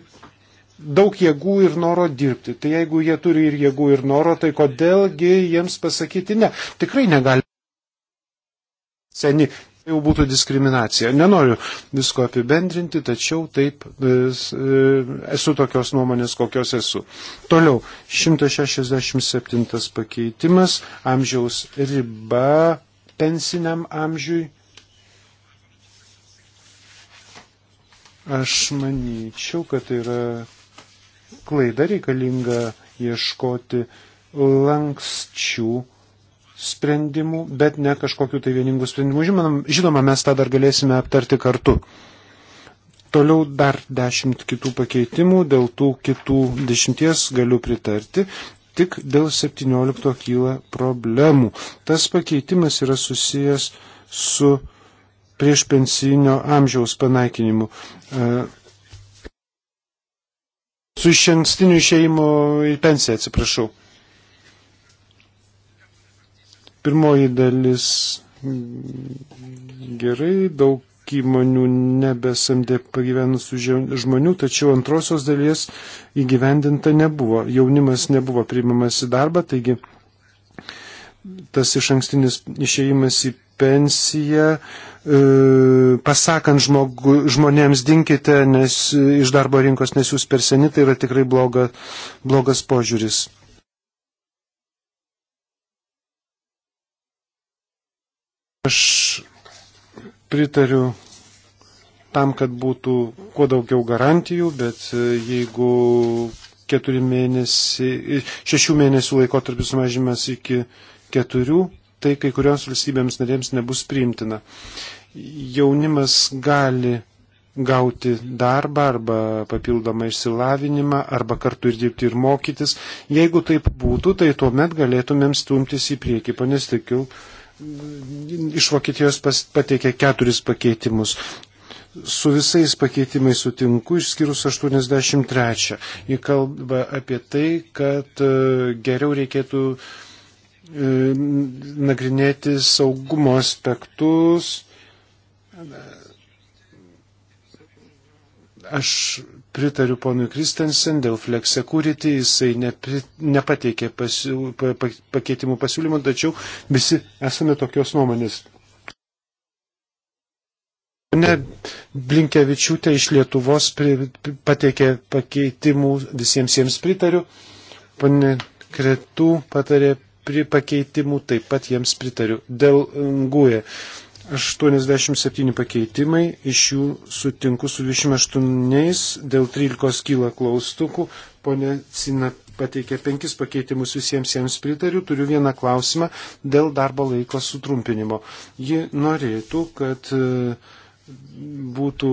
daug jėgų ir noro dirbti. Tai jeigu jie turi ir jėgų ir noro, tai kodėlgi jiems pasakyti ne? Tikrai negali. Seni jau būtų diskriminacija. Nenoriu visko apibendrinti, tačiau taip e, e, esu tokios nuomonės, kokios esu. Toliau, 167 pakeitimas, amžiaus riba pensiniam amžiui. Aš manyčiau, kad tai yra klaida reikalinga ieškoti lankščių sprendimų, bet ne kažkokių tai vieningų sprendimų. Žinoma, žinoma, mes tą dar galėsime aptarti kartu. Toliau dar dešimt kitų pakeitimų, dėl tų kitų dešimties galiu pritarti, tik dėl septyniolikto kyla problemų. Tas pakeitimas yra susijęs su prieš pensinio amžiaus panaikinimu. E, su iš ankstinio išeimo į pensiją, atsiprašau. Pirmoji dalis gerai, daug įmonių nebesamdė pagyvenusių žmonių, tačiau antrosios dalies įgyvendinta nebuvo. Jaunimas nebuvo priimamas į darbą, taigi tas iš ankstinis išėjimas į pensiją, e, pasakant žmogu, žmonėms dinkite nes, iš darbo rinkos, nes jūs per seni, tai yra tikrai bloga, blogas požiūris. Aš pritariu tam, kad būtų kuo daugiau garantijų, bet e, jeigu mėnesį, e, šešių mėnesių laikotarpis sumažinimas iki keturių, tai kai kurioms valstybėms narėms nebus priimtina. Jaunimas gali gauti darbą arba papildomą išsilavinimą arba kartu ir dirbti ir mokytis. Jeigu taip būtų, tai tuomet galėtumėm stumtis į priekį. Panes tikiu, iš Vokietijos pas, pateikė keturis pakeitimus. Su visais pakeitimais sutinku, išskyrus 83. Ji kalba apie tai, kad e, geriau reikėtų e, nagrinėti saugumo aspektus. Aš Pritariu ponui Kristensen dėl flexecurity, jisai nepri, nepateikė pasiū, pa, pa, pakeitimų pasiūlymų, tačiau visi esame tokios nuomonės. Ne Blinkevičiūtė iš Lietuvos pri, pateikė pakeitimų, visiems jiems pritariu. Pane Kretų patarė pakeitimų, taip pat jiems pritariu. Dėl e, Nguje 87 pakeitimai, iš jų sutinku su 28, dėl 13 kyla klaustukų, ponė Cina pateikė 5 pakeitimus, visiems jiems pritariu, turiu vieną klausimą dėl darbo laiko sutrumpinimo. Ji norėtų, kad e, būtų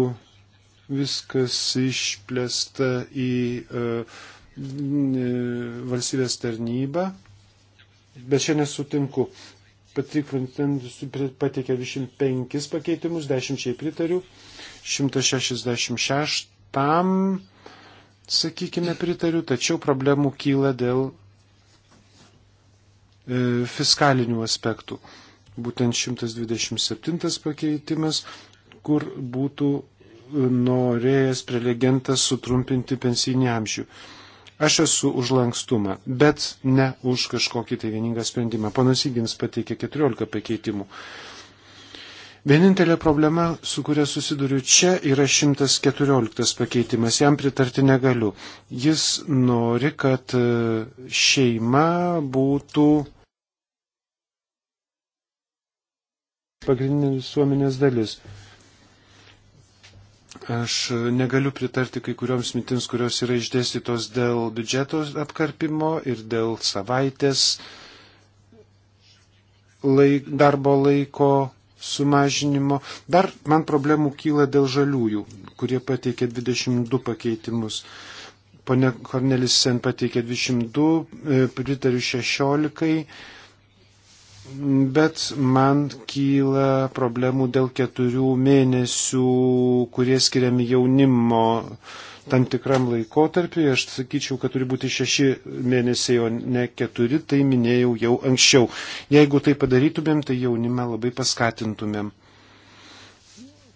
viskas išplėsta į e, e, valstybės tarnybą, bet čia nesutinku pateikė 25 pakeitimus, 10 pritariu, 166 tam, sakykime, pritariu, tačiau problemų kyla dėl e, fiskalinių aspektų. Būtent 127 pakeitimas, kur būtų e, norėjęs prelegentas sutrumpinti pensinį amžių. Aš esu už lankstumą, bet ne už kažkokį tai vieningą sprendimą. Panas Įgins pateikė 14 pakeitimų. Vienintelė problema, su kuria susiduriu čia, yra 114 pakeitimas. Jam pritarti negaliu. Jis nori, kad e, šeima būtų pagrindinė visuomenės dalis. Aš negaliu pritarti kai kurioms mintims, kurios yra išdėstytos dėl biudžeto apkarpimo ir dėl savaitės laik, darbo laiko sumažinimo. Dar man problemų kyla dėl žaliųjų, kurie pateikė 22 pakeitimus. Pone Kornelis Sen pateikė 22, e, pritariu 16 bet man kyla problemų dėl keturių mėnesių, kurie skiriami jaunimo tam tikram laikotarpiu. Aš sakyčiau, kad turi būti šeši mėnesiai, o ne keturi, tai minėjau jau anksčiau. Jeigu tai padarytumėm, tai jaunimą labai paskatintumėm.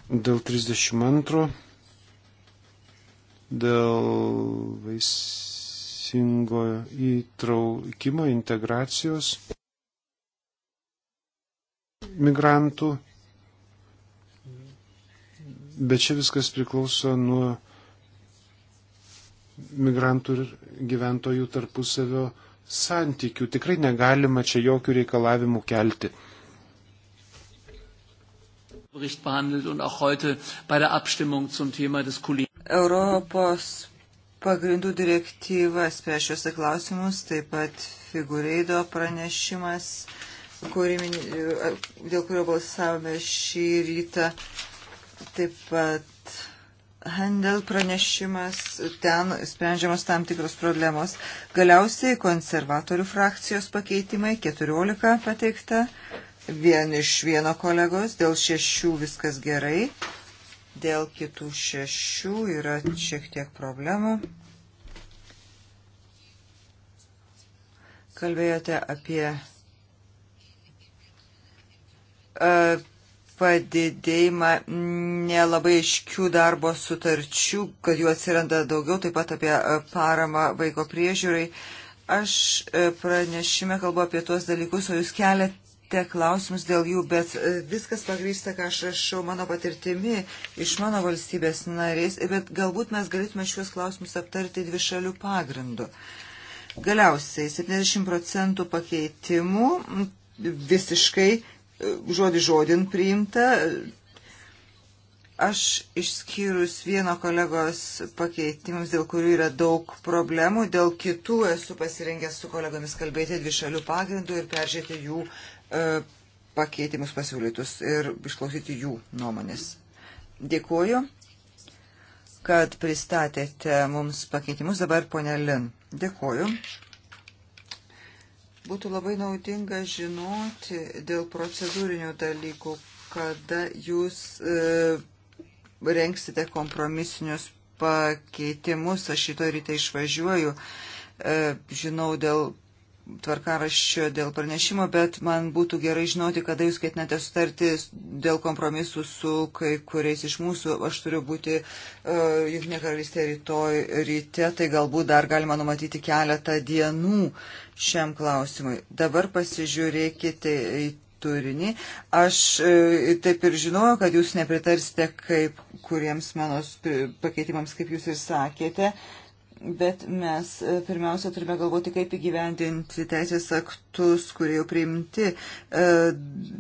Dėl 32, dėl vaisingo įtraukimo, integracijos migrantų, bet čia viskas priklauso nuo migrantų ir gyventojų tarpusavio santykių. Tikrai negalima čia jokių reikalavimų kelti. Europos pagrindų direktyva spręs šios klausimus, taip pat figureido pranešimas kuri, e, dėl kurio balsavome šį rytą. Taip pat Handel pranešimas, ten sprendžiamos tam tikros problemos. Galiausiai konservatorių frakcijos pakeitimai, 14 pateikta, vien iš vieno kolegos, dėl šešių viskas gerai, dėl kitų šešių yra šiek tiek problemų. Kalbėjote apie E, padidėjimą nelabai iškių darbo sutarčių, kad jų atsiranda daugiau, taip pat apie e, paramą vaiko priežiūrai. Aš e, pranešime kalbu apie tuos dalykus, o jūs keliate klausimus dėl jų, bet viskas pagrįsta, ką aš rašau mano patirtimi iš mano valstybės narės, bet galbūt mes galėtume šiuos klausimus aptarti dvi šalių pagrindų. Galiausiai 70 procentų pakeitimų visiškai žodį žodin priimta. Aš išskyrus vieno kolegos pakeitimus, dėl kurių yra daug problemų, dėl kitų esu pasirengęs su kolegomis kalbėti dvišalių pagrindų ir peržiūrėti jų e, pakeitimus pasiūlytus ir išklausyti jų nuomonės. Dėkuoju, kad pristatėte mums pakeitimus. Dabar ponė Lin. Dėkuoju. Būtų labai naudinga žinoti dėl procedūrinių dalykų, kada jūs e, rengsite kompromisinius pakeitimus. Aš šito ryte išvažiuoju, e, žinau dėl tvarkaraščio dėl pranešimo, bet man būtų gerai žinoti, kada jūs ketinate sutarti dėl kompromisų su kai kuriais iš mūsų. Aš turiu būti uh, Junktinė karalystė rytoj ryte, tai galbūt dar galima numatyti keletą dienų šiam klausimui. Dabar pasižiūrėkite į turinį. Aš e, taip ir žinojau, kad jūs nepritarsite kai kuriems mano pakeitimams, kaip jūs ir sakėte, bet mes e, pirmiausia turime galvoti, kaip įgyvendinti teisės aktus, kurie jau priimti. E,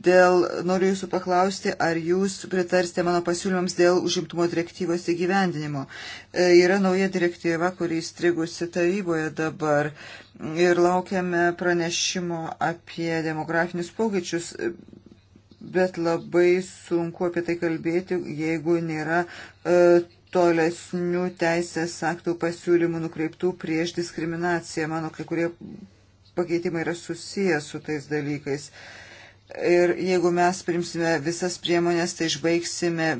dėl, noriu jūsų paklausti, ar jūs pritarsite mano pasiūlymams dėl užimtumo direktyvos įgyvendinimo. E, yra nauja direktyva, kuri įstrigusi taryboje dabar ir laukiame pranešimo apie demografinius pokyčius bet labai sunku apie tai kalbėti, jeigu nėra e, tolesnių teisės aktų pasiūlymų nukreiptų prieš diskriminaciją. Mano kai kurie pakeitimai yra susijęs su tais dalykais. Ir jeigu mes primsime visas priemonės, tai išbaigsime e,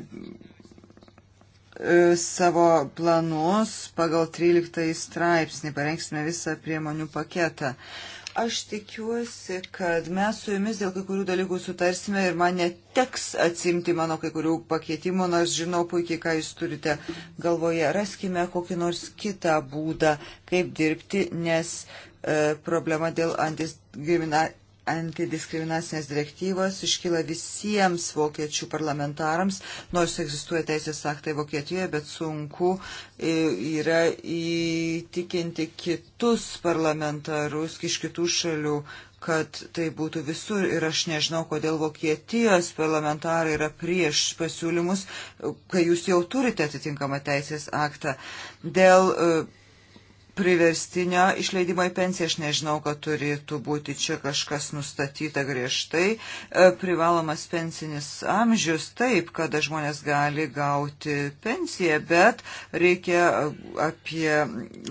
savo planus pagal 13 straipsnį, parengsime visą priemonių paketą. Uh, Aš tikiuosi, kad mes su jumis dėl kai kurių dalykų sutarsime ir man neteks atsimti mano kai kurių pakeitimų, nors žinau puikiai, ką jūs turite galvoje. Raskime kokį nors kitą būdą, kaip dirbti, nes e, problema dėl antis antidiskriminacinės direktyvos iškyla visiems vokiečių parlamentarams, nors egzistuoja teisės aktai Vokietijoje, bet sunku e, yra įtikinti kitus parlamentarus iš kitų šalių kad tai būtų visur ir aš nežinau, kodėl Vokietijos parlamentarai yra prieš pasiūlymus, kai jūs jau turite atitinkamą teisės aktą. Dėl uh, priverstinio išleidimo į pensiją, aš nežinau, kad turėtų būti čia kažkas nustatyta griežtai. E, privalomas pensinis amžius taip, kada žmonės gali gauti pensiją, bet reikia apie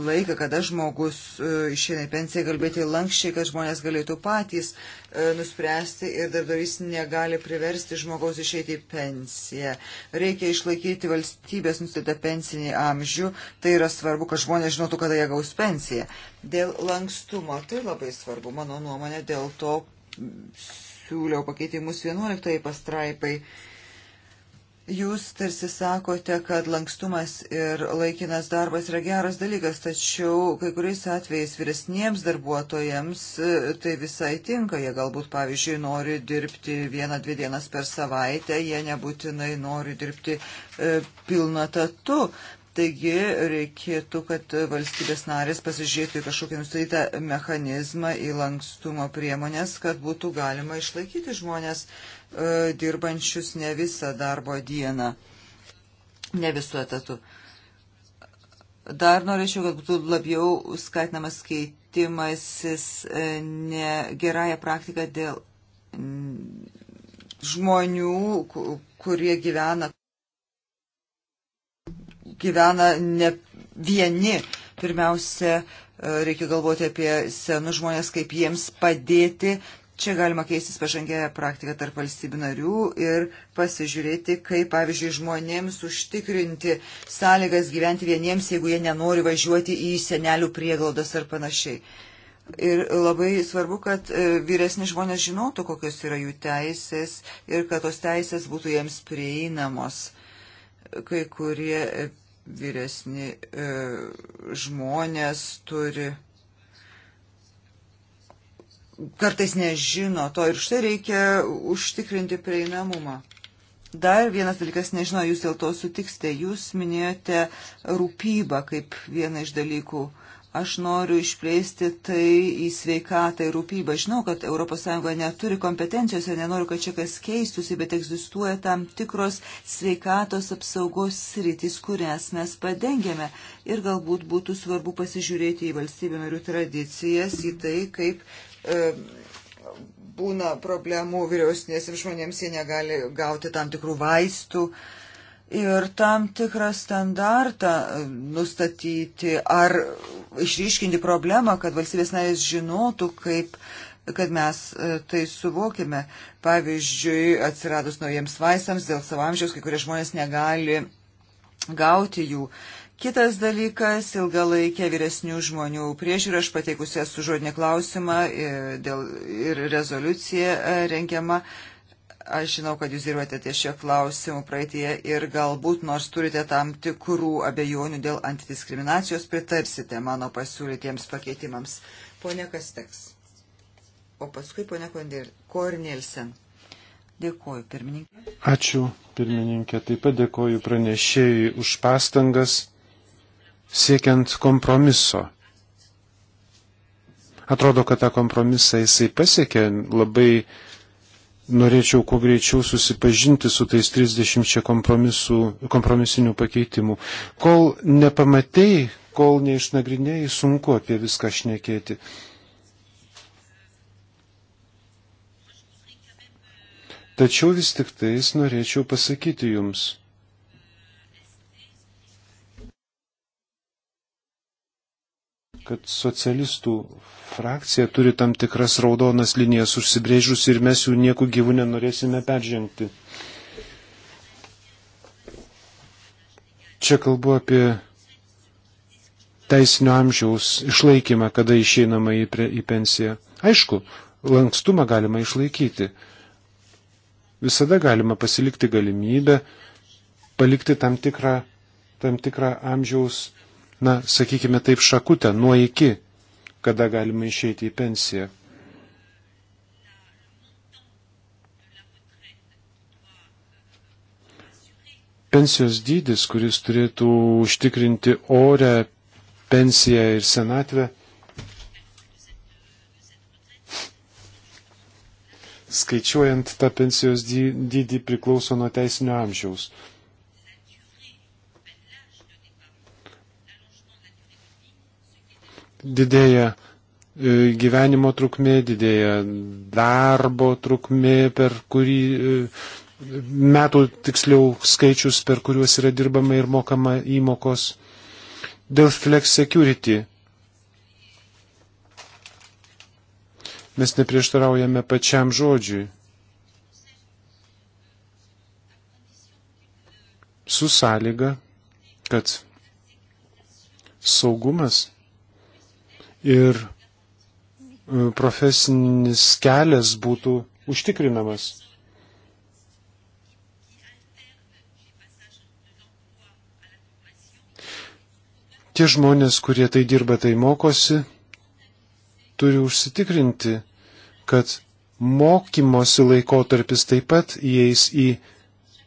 laiką, kada žmogus e, išeina į pensiją, kalbėti lankščiai, kad žmonės galėtų patys E, nuspręsti ir darbdavys negali priversti žmogaus išeiti į pensiją. Reikia išlaikyti valstybės nustatytą pensinį amžių. Tai yra svarbu, kad žmonės žinotų, kada jie gaus pensiją. Dėl lankstumo tai labai svarbu, mano nuomonė, dėl to siūliau pakeitimus 11 pastraipai. Jūs tarsi sakote, kad lankstumas ir laikinas darbas yra geras dalykas, tačiau kai kuriais atvejais vyresniems darbuotojams e, tai visai tinka. Jie galbūt, pavyzdžiui, nori dirbti vieną, dvi dienas per savaitę, jie nebūtinai nori dirbti e, pilną tatu. Taigi reikėtų, kad valstybės narės pasižiūrėtų į kažkokį nustatytą mechanizmą, į lankstumo priemonės, kad būtų galima išlaikyti žmonės E, dirbančius ne visą darbo dieną, ne visų etatų. Dar norėčiau, kad būtų labiau skatinamas keitimasis e, gerąją praktiką dėl mm, žmonių, kurie gyvena, gyvena ne vieni. Pirmiausia, e, reikia galvoti apie senus žmonės, kaip jiems padėti Čia galima keistis pažangę praktiką tarp valstybių narių ir pasižiūrėti, kaip, pavyzdžiui, žmonėms užtikrinti sąlygas gyventi vieniems, jeigu jie nenori važiuoti į senelių prieglaudas ar panašiai. Ir labai svarbu, kad e, vyresni žmonės žinotų, kokios yra jų teisės ir kad tos teisės būtų jiems prieinamos. Kai kurie e, vyresni e, žmonės turi kartais nežino to ir štai reikia užtikrinti prieinamumą. Dar vienas dalykas, nežinau, jūs dėl to sutiksite, jūs minėjote rūpybą kaip vieną iš dalykų. Aš noriu išplėsti tai į sveikatą ir rūpybą. Žinau, kad ES neturi kompetencijos ir nenoriu, kad čia kas keistųsi, bet egzistuoja tam tikros sveikatos apsaugos sritys, kurias mes padengėme. Ir galbūt būtų svarbu pasižiūrėti į valstybių narių tradicijas, į tai, kaip E, būna problemų vyriausnėsiams žmonėms, jie negali gauti tam tikrų vaistų ir tam tikrą standartą e, nustatyti ar išryškinti problemą, kad valstybės narės žinotų, kaip kad mes e, tai suvokime. Pavyzdžiui, atsiradus naujiems vaistams dėl savamžiaus, kai kurie žmonės negali gauti jų. Uh, Kitas dalykas - ilgalaikė vyresnių žmonių priežiūra. Aš pateikusi esu žodinį klausimą ir, e, dėl, ir rezoliucija e, rengiama. Aš žinau, kad jūs dirbate ties šio klausimu praeitie ir galbūt nors turite tam tikrų abejonių dėl antidiskriminacijos, pritarsite mano pasiūlytiems pakeitimams. Pone Kasteks. O paskui pone Kornelsen. Dėkuoju, pirmininkė. Ačiū, pirmininkė. Taip pat dėkuoju pranešėjui už pastangas siekiant kompromiso. Atrodo, kad tą kompromisą jisai pasiekė. Labai norėčiau kuo greičiau susipažinti su tais 30 kompromisinių pakeitimų. Kol nepamatėjai, kol neišnagrinėjai, sunku apie viską šnekėti. Tačiau vis tik tais norėčiau pasakyti jums, kad socialistų frakcija turi tam tikras raudonas linijas užsibrėžus ir mes jų nieku gyvų nenorėsime peržengti. Čia kalbu apie teisinio amžiaus išlaikymą, kada išeinama į, pre, į pensiją. Aišku, lankstumą galima išlaikyti. Visada galima pasilikti galimybę, palikti tam tikrą, tam tikrą amžiaus na, sakykime taip, šakutę nuo iki, kada galima išeiti į pensiją. Pensijos dydis, kuris turėtų užtikrinti orę pensiją ir senatvę, skaičiuojant tą pensijos dydį priklauso nuo teisinio amžiaus. didėja e, gyvenimo trukmė, didėja darbo trukmė, per kurį e, metų tiksliau skaičius, per kuriuos yra dirbama ir mokama įmokos. Dėl flex security mes neprieštaraujame pačiam žodžiui. Su sąlyga, kad saugumas ir e, profesinis kelias būtų užtikrinamas. Tie žmonės, kurie tai dirba, tai mokosi, turi užsitikrinti, kad mokymosi laikotarpis taip pat įeis į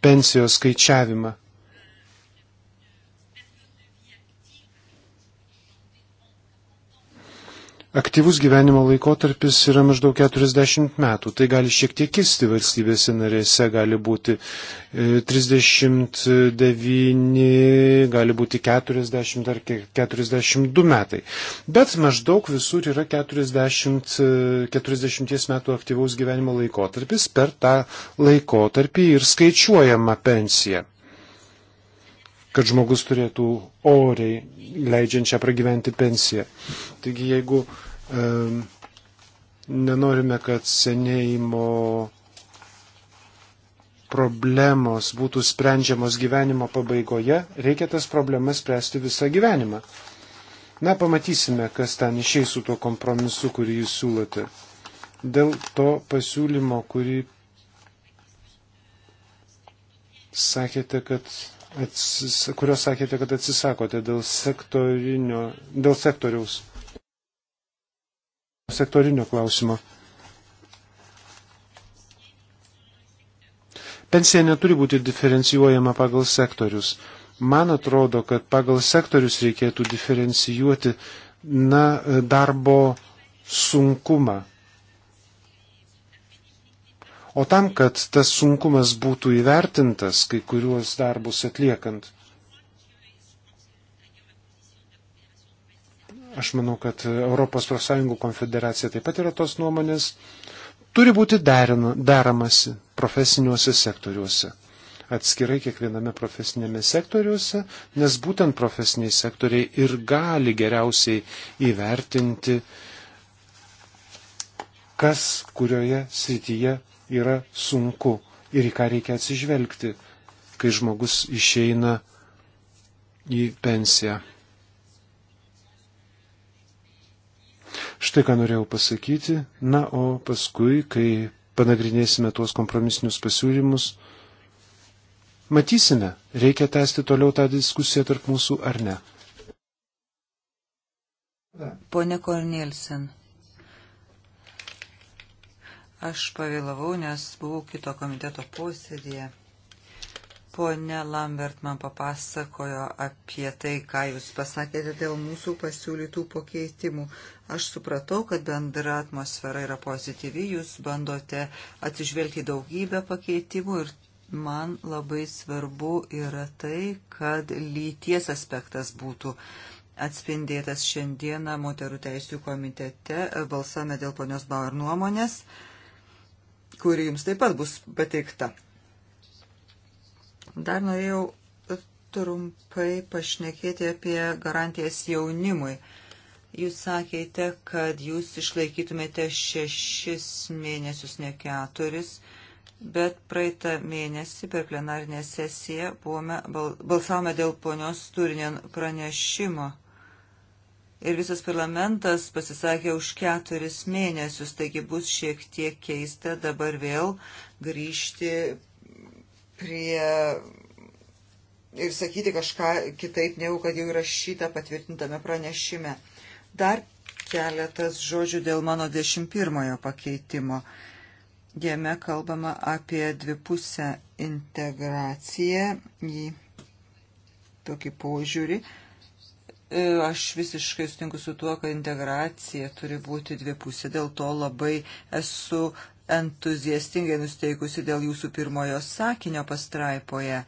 pensijos skaičiavimą. aktyvus gyvenimo laikotarpis yra maždaug 40 metų. Tai gali šiek tiek kisti valstybėse narėse, gali būti 39, e, gali būti 40 ar 42 metai. Bet maždaug visur yra 40, 40 e, metų aktyvaus gyvenimo laikotarpis, per tą laikotarpį ir skaičiuojama pensija kad žmogus turėtų oriai leidžiančią pragyventi pensiją. Taigi jeigu uh, Nenorime, kad senėjimo problemos būtų sprendžiamos gyvenimo pabaigoje, reikia tas problemas spręsti visą gyvenimą. Na, pamatysime, kas ten išeis su tuo kompromisu, kurį jūs siūlote. Dėl to pasiūlymo, kurį sakėte, kad atsis, kurio sakėte, kad atsisakote dėl, dėl sektoriaus sektorinio klausimo. Pensija neturi būti diferencijuojama pagal sektorius. Man atrodo, kad pagal sektorius reikėtų diferencijuoti na, darbo sunkumą. O tam, kad tas sunkumas būtų įvertintas, kai kuriuos darbus atliekant, Aš manau, kad Europos profsąjungų konfederacija taip pat yra tos nuomonės. Turi būti derina, deramasi profesiniuose sektoriuose. Atskirai kiekviename profesinėme sektoriuose, nes būtent profesiniai sektoriai ir gali geriausiai įvertinti, kas kurioje srityje yra sunku ir į ką reikia atsižvelgti, kai žmogus išeina į pensiją. Štai ką norėjau pasakyti. Na, o paskui, kai panagrinėsime tuos kompromisinius pasiūlymus, matysime, reikia tęsti toliau tą diskusiją tarp mūsų ar ne. Pone Kornelsen, aš pavėlavau, nes buvau kito komiteto posėdėje. Pone Lambert man papasakojo apie tai, ką jūs pasakėte dėl mūsų pasiūlytų pakeitimų. Aš supratau, kad bendra atmosfera yra pozityvi, jūs bandote atsižvelgti daugybę pakeitimų ir man labai svarbu yra tai, kad lyties aspektas būtų atspindėtas šiandieną moterų teisų komitete. Balsame dėl ponios Bauer nuomonės, kuri jums taip pat bus pateikta. Dar norėjau trumpai pašnekėti apie garantijas jaunimui. Jūs sakėte, kad jūs išlaikytumėte šešis mėnesius, ne keturis, bet praeitą mėnesį per plenarinę sesiją buvome, bal, balsavome dėl ponios turinien pranešimo. Ir visas parlamentas pasisakė už keturis mėnesius, taigi bus šiek tiek keista dabar vėl grįžti prie ir sakyti kažką kitaip, negu kad jau yra šita patvirtintame pranešime. Dar keletas žodžių dėl mano 11 pakeitimo. Jame kalbama apie dvipusę integraciją į tokį požiūrį. E, aš visiškai sutinku su tuo, kad integracija turi būti dvipusė, dėl to labai esu entuziastingai nusteikusi dėl jūsų pirmojo sakinio pastraipoje.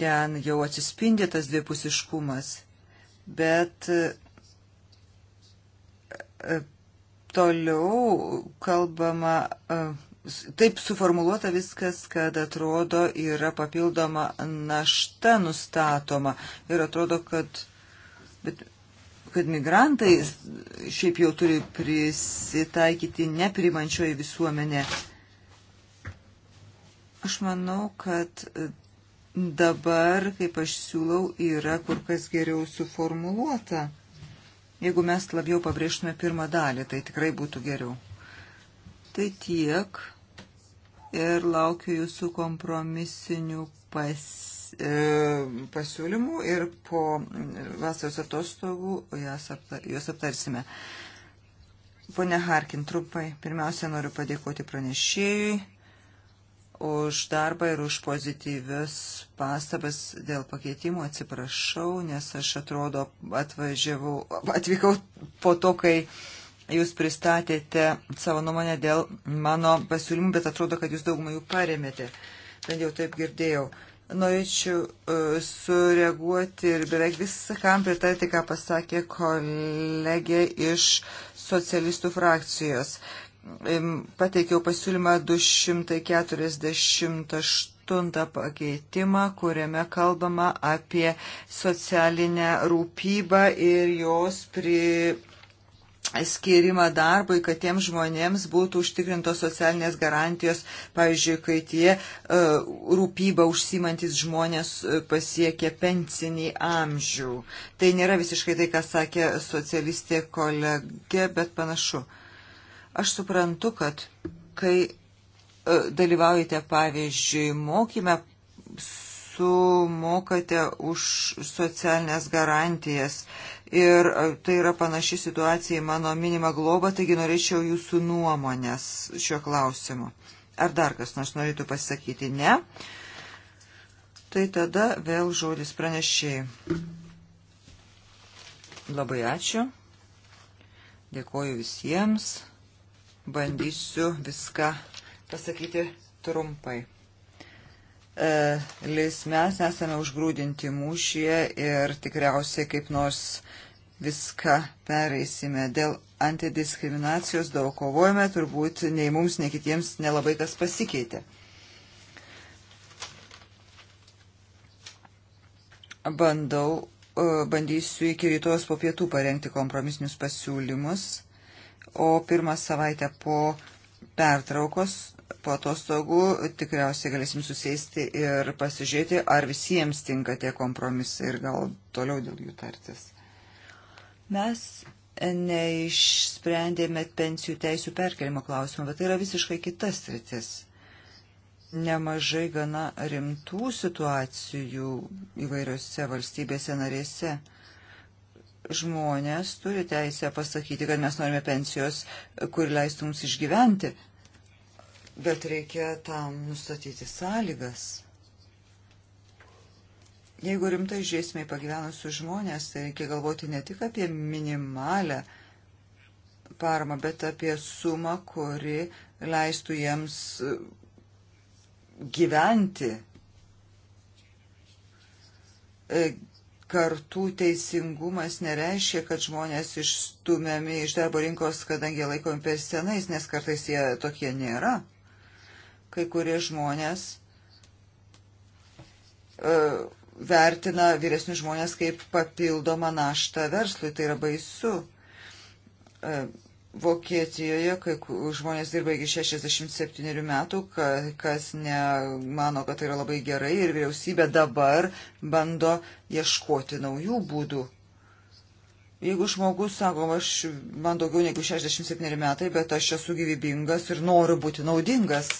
Ten jau atsispindi tas dvipusiškumas, bet e, e, toliau kalbama, e, taip suformuoluota viskas, kad atrodo yra papildoma našta nustatoma ir atrodo, kad bet kad migrantai šiaip jau turi prisitaikyti neprimančioji visuomenė. Aš manau, kad dabar, kaip aš siūlau, yra kur kas geriau suformuluota. Jeigu mes labiau pabrėžtume pirmą dalį, tai tikrai būtų geriau. Tai tiek ir laukiu jūsų kompromisinių pasiekimų e, pasiūlymų ir po vasaros atostogų juos aptarsime. Pone Harkin, trumpai, pirmiausia, noriu padėkoti pranešėjui už darbą ir už pozityvius pastabas dėl pakeitimų. Atsiprašau, nes aš atrodo atvažiavau, atvykau po to, kai jūs pristatėte savo nuomonę dėl mano pasiūlymų, bet atrodo, kad jūs daugumą jų paremėte. Bent jau taip girdėjau. Norėčiau e, sureaguoti ir beveik viskam pritarti, ką pasakė kolegė iš socialistų frakcijos. Pateikiau pasiūlymą 248 aštuntą pakeitimą, kuriame kalbama apie socialinę rūpybą ir jos pri skirimą darbui, kad tiems žmonėms būtų užtikrintos socialinės garantijos, pavyzdžiui, kai tie e, rūpybą užsimantis žmonės e, pasiekia pensinį amžių. Tai nėra visiškai tai, ką sakė socialistė kolegė, bet panašu. Aš suprantu, kad kai e, dalyvaujate, pavyzdžiui, mokyme, sumokate už socialinės garantijas ir e, tai yra panaši situacija į mano minimą globą, taigi norėčiau jūsų nuomonės šiuo klausimu. Ar dar kas nors norėtų pasakyti? Ne. Tai tada vėl žodis pranešiai. Labai ačiū. Dėkoju visiems. Bandysiu viską pasakyti trumpai. E, lis mes esame užgrūdinti mūšyje ir tikriausiai kaip nors viską pereisime. Dėl antidiskriminacijos daug kovojame, turbūt nei mums, nei kitiems nelabai kas pasikeitė. Bandau, e, bandysiu iki rytojos po pietų parengti kompromisinius pasiūlymus, o pirmą savaitę po pertraukos po atostogų tikriausiai galėsim susėsti ir pasižiūrėti, ar visiems tinka tie kompromisai ir gal toliau dėl jų tartis. Mes neišsprendėme pensijų teisų perkelimo klausimą, bet tai yra visiškai kitas rytis. Nemažai gana rimtų situacijų įvairiose valstybėse narėse žmonės turi teisę pasakyti, kad mes norime pensijos, kuri leistų mums išgyventi bet reikia tam nustatyti sąlygas. Jeigu rimtai žiūrėsime į pagyvenusius žmonės, tai reikia galvoti ne tik apie minimalę paramą, bet apie sumą, kuri leistų jiems e, gyventi e, kartų teisingumas nereiškia, kad žmonės išstumiami iš darbo rinkos, kadangi jie laikomi per senais, nes kartais jie tokie nėra kai kurie žmonės e, vertina vyresnius žmonės kaip papildomą naštą verslui. Tai yra baisu. E, Vokietijoje, kai žmonės dirba iki 67 metų, kas nemano, kad tai yra labai gerai ir vyriausybė dabar bando ieškoti naujų būdų. Jeigu žmogus sako, aš man daugiau negu 67 metai, bet aš esu gyvybingas ir noriu būti naudingas,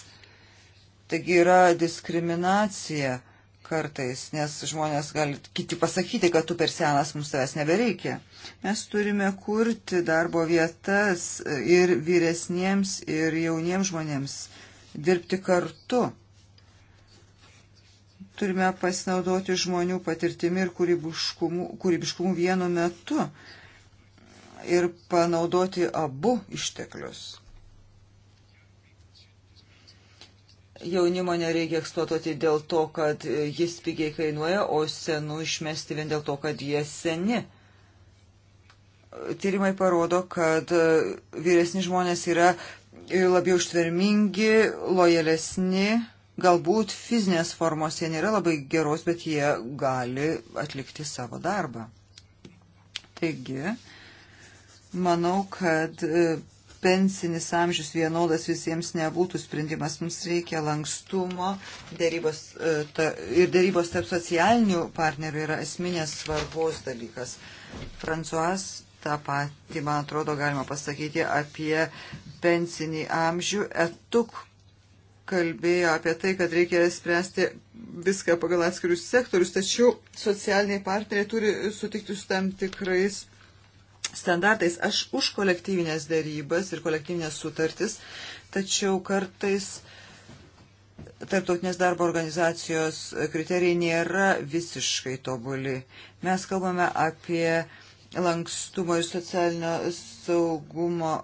Taigi yra diskriminacija kartais, nes žmonės gali kiti pasakyti, kad tu per senas mums tavęs nebereikia. Mes turime kurti darbo vietas ir vyresniems, ir jauniems žmonėms, dirbti kartu. Turime pasinaudoti žmonių patirtimi ir kūrybiškumu, kūrybiškumu vienu metu ir panaudoti abu išteklius. jaunimo nereikia eksploatuoti dėl to, kad jis pigiai kainuoja, o senų išmesti vien dėl to, kad jie seni. Tyrimai parodo, kad vyresni žmonės yra labiau ištvermingi, lojalesni, galbūt fizinės formos jie nėra labai geros, bet jie gali atlikti savo darbą. Taigi, manau, kad pensinis amžius vienodas visiems nebūtų sprendimas. Mums reikia lankstumo dėrybos, e, ta, ir dėrybos tarp socialinių partnerių yra esminės svarbos dalykas. Fransuas tą patį, man atrodo, galima pasakyti apie pensinį amžių. Etuk kalbėjo apie tai, kad reikia spręsti viską pagal atskirius sektorius, tačiau socialiniai partneriai turi sutikti su tam tikrais standartais. Aš už kolektyvinės dėrybas ir kolektyvinės sutartis, tačiau kartais tarptautinės darbo organizacijos kriterijai nėra visiškai tobuli. Mes kalbame apie lankstumo ir socialinio saugumo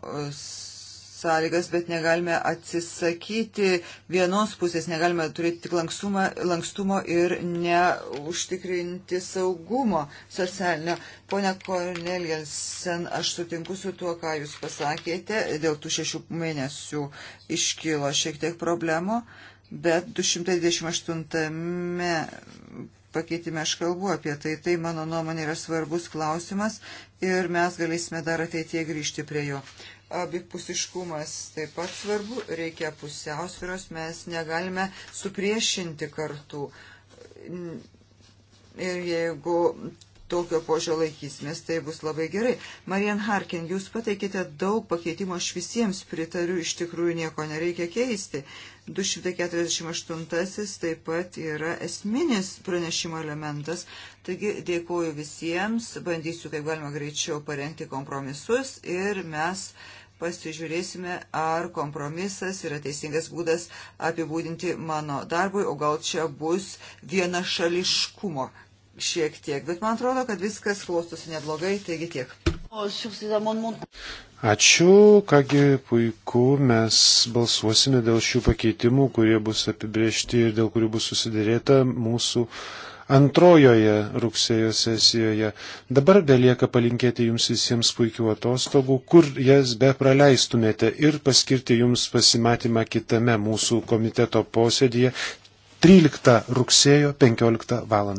sąlygas, bet negalime atsisakyti vienos pusės, negalime turėti tik lankstumą, lankstumo ir neužtikrinti saugumo socialinio. Pone Kornelielsen, aš sutinku su tuo, ką Jūs pasakėte, dėl tų šešių mėnesių iškilo šiek tiek problemų, bet 228 pakeitime aš kalbu apie tai. Tai, mano nuomonė, yra svarbus klausimas ir mes galėsime dar ateitie grįžti prie jo abipusiškumas taip pat svarbu, reikia pusiausviros, mes negalime supriešinti kartų. Ir jeigu tokio požio laikysimės, tai bus labai gerai. Marian Harkin, jūs pateikite daug pakeitimo, aš visiems pritariu, iš tikrųjų nieko nereikia keisti. 248 taip pat yra esminis pranešimo elementas, taigi dėkuoju visiems, bandysiu kaip galima greičiau parengti kompromisus ir mes pasižiūrėsime, ar kompromisas yra teisingas būdas apibūdinti mano darbui, o gal čia bus viena šališkumo šiek tiek. Bet man atrodo, kad viskas klostosi neblogai, taigi tiek. Ačiū, kągi puiku, mes balsuosime dėl šių pakeitimų, kurie bus apibriežti ir dėl kurių bus susidėrėta mūsų antrojoje rugsėjo sesijoje. Dabar belieka palinkėti jums visiems puikių atostogų, kur jas be praleistumėte ir paskirti jums pasimatymą kitame mūsų komiteto posėdėje 13 rugsėjo 15 val.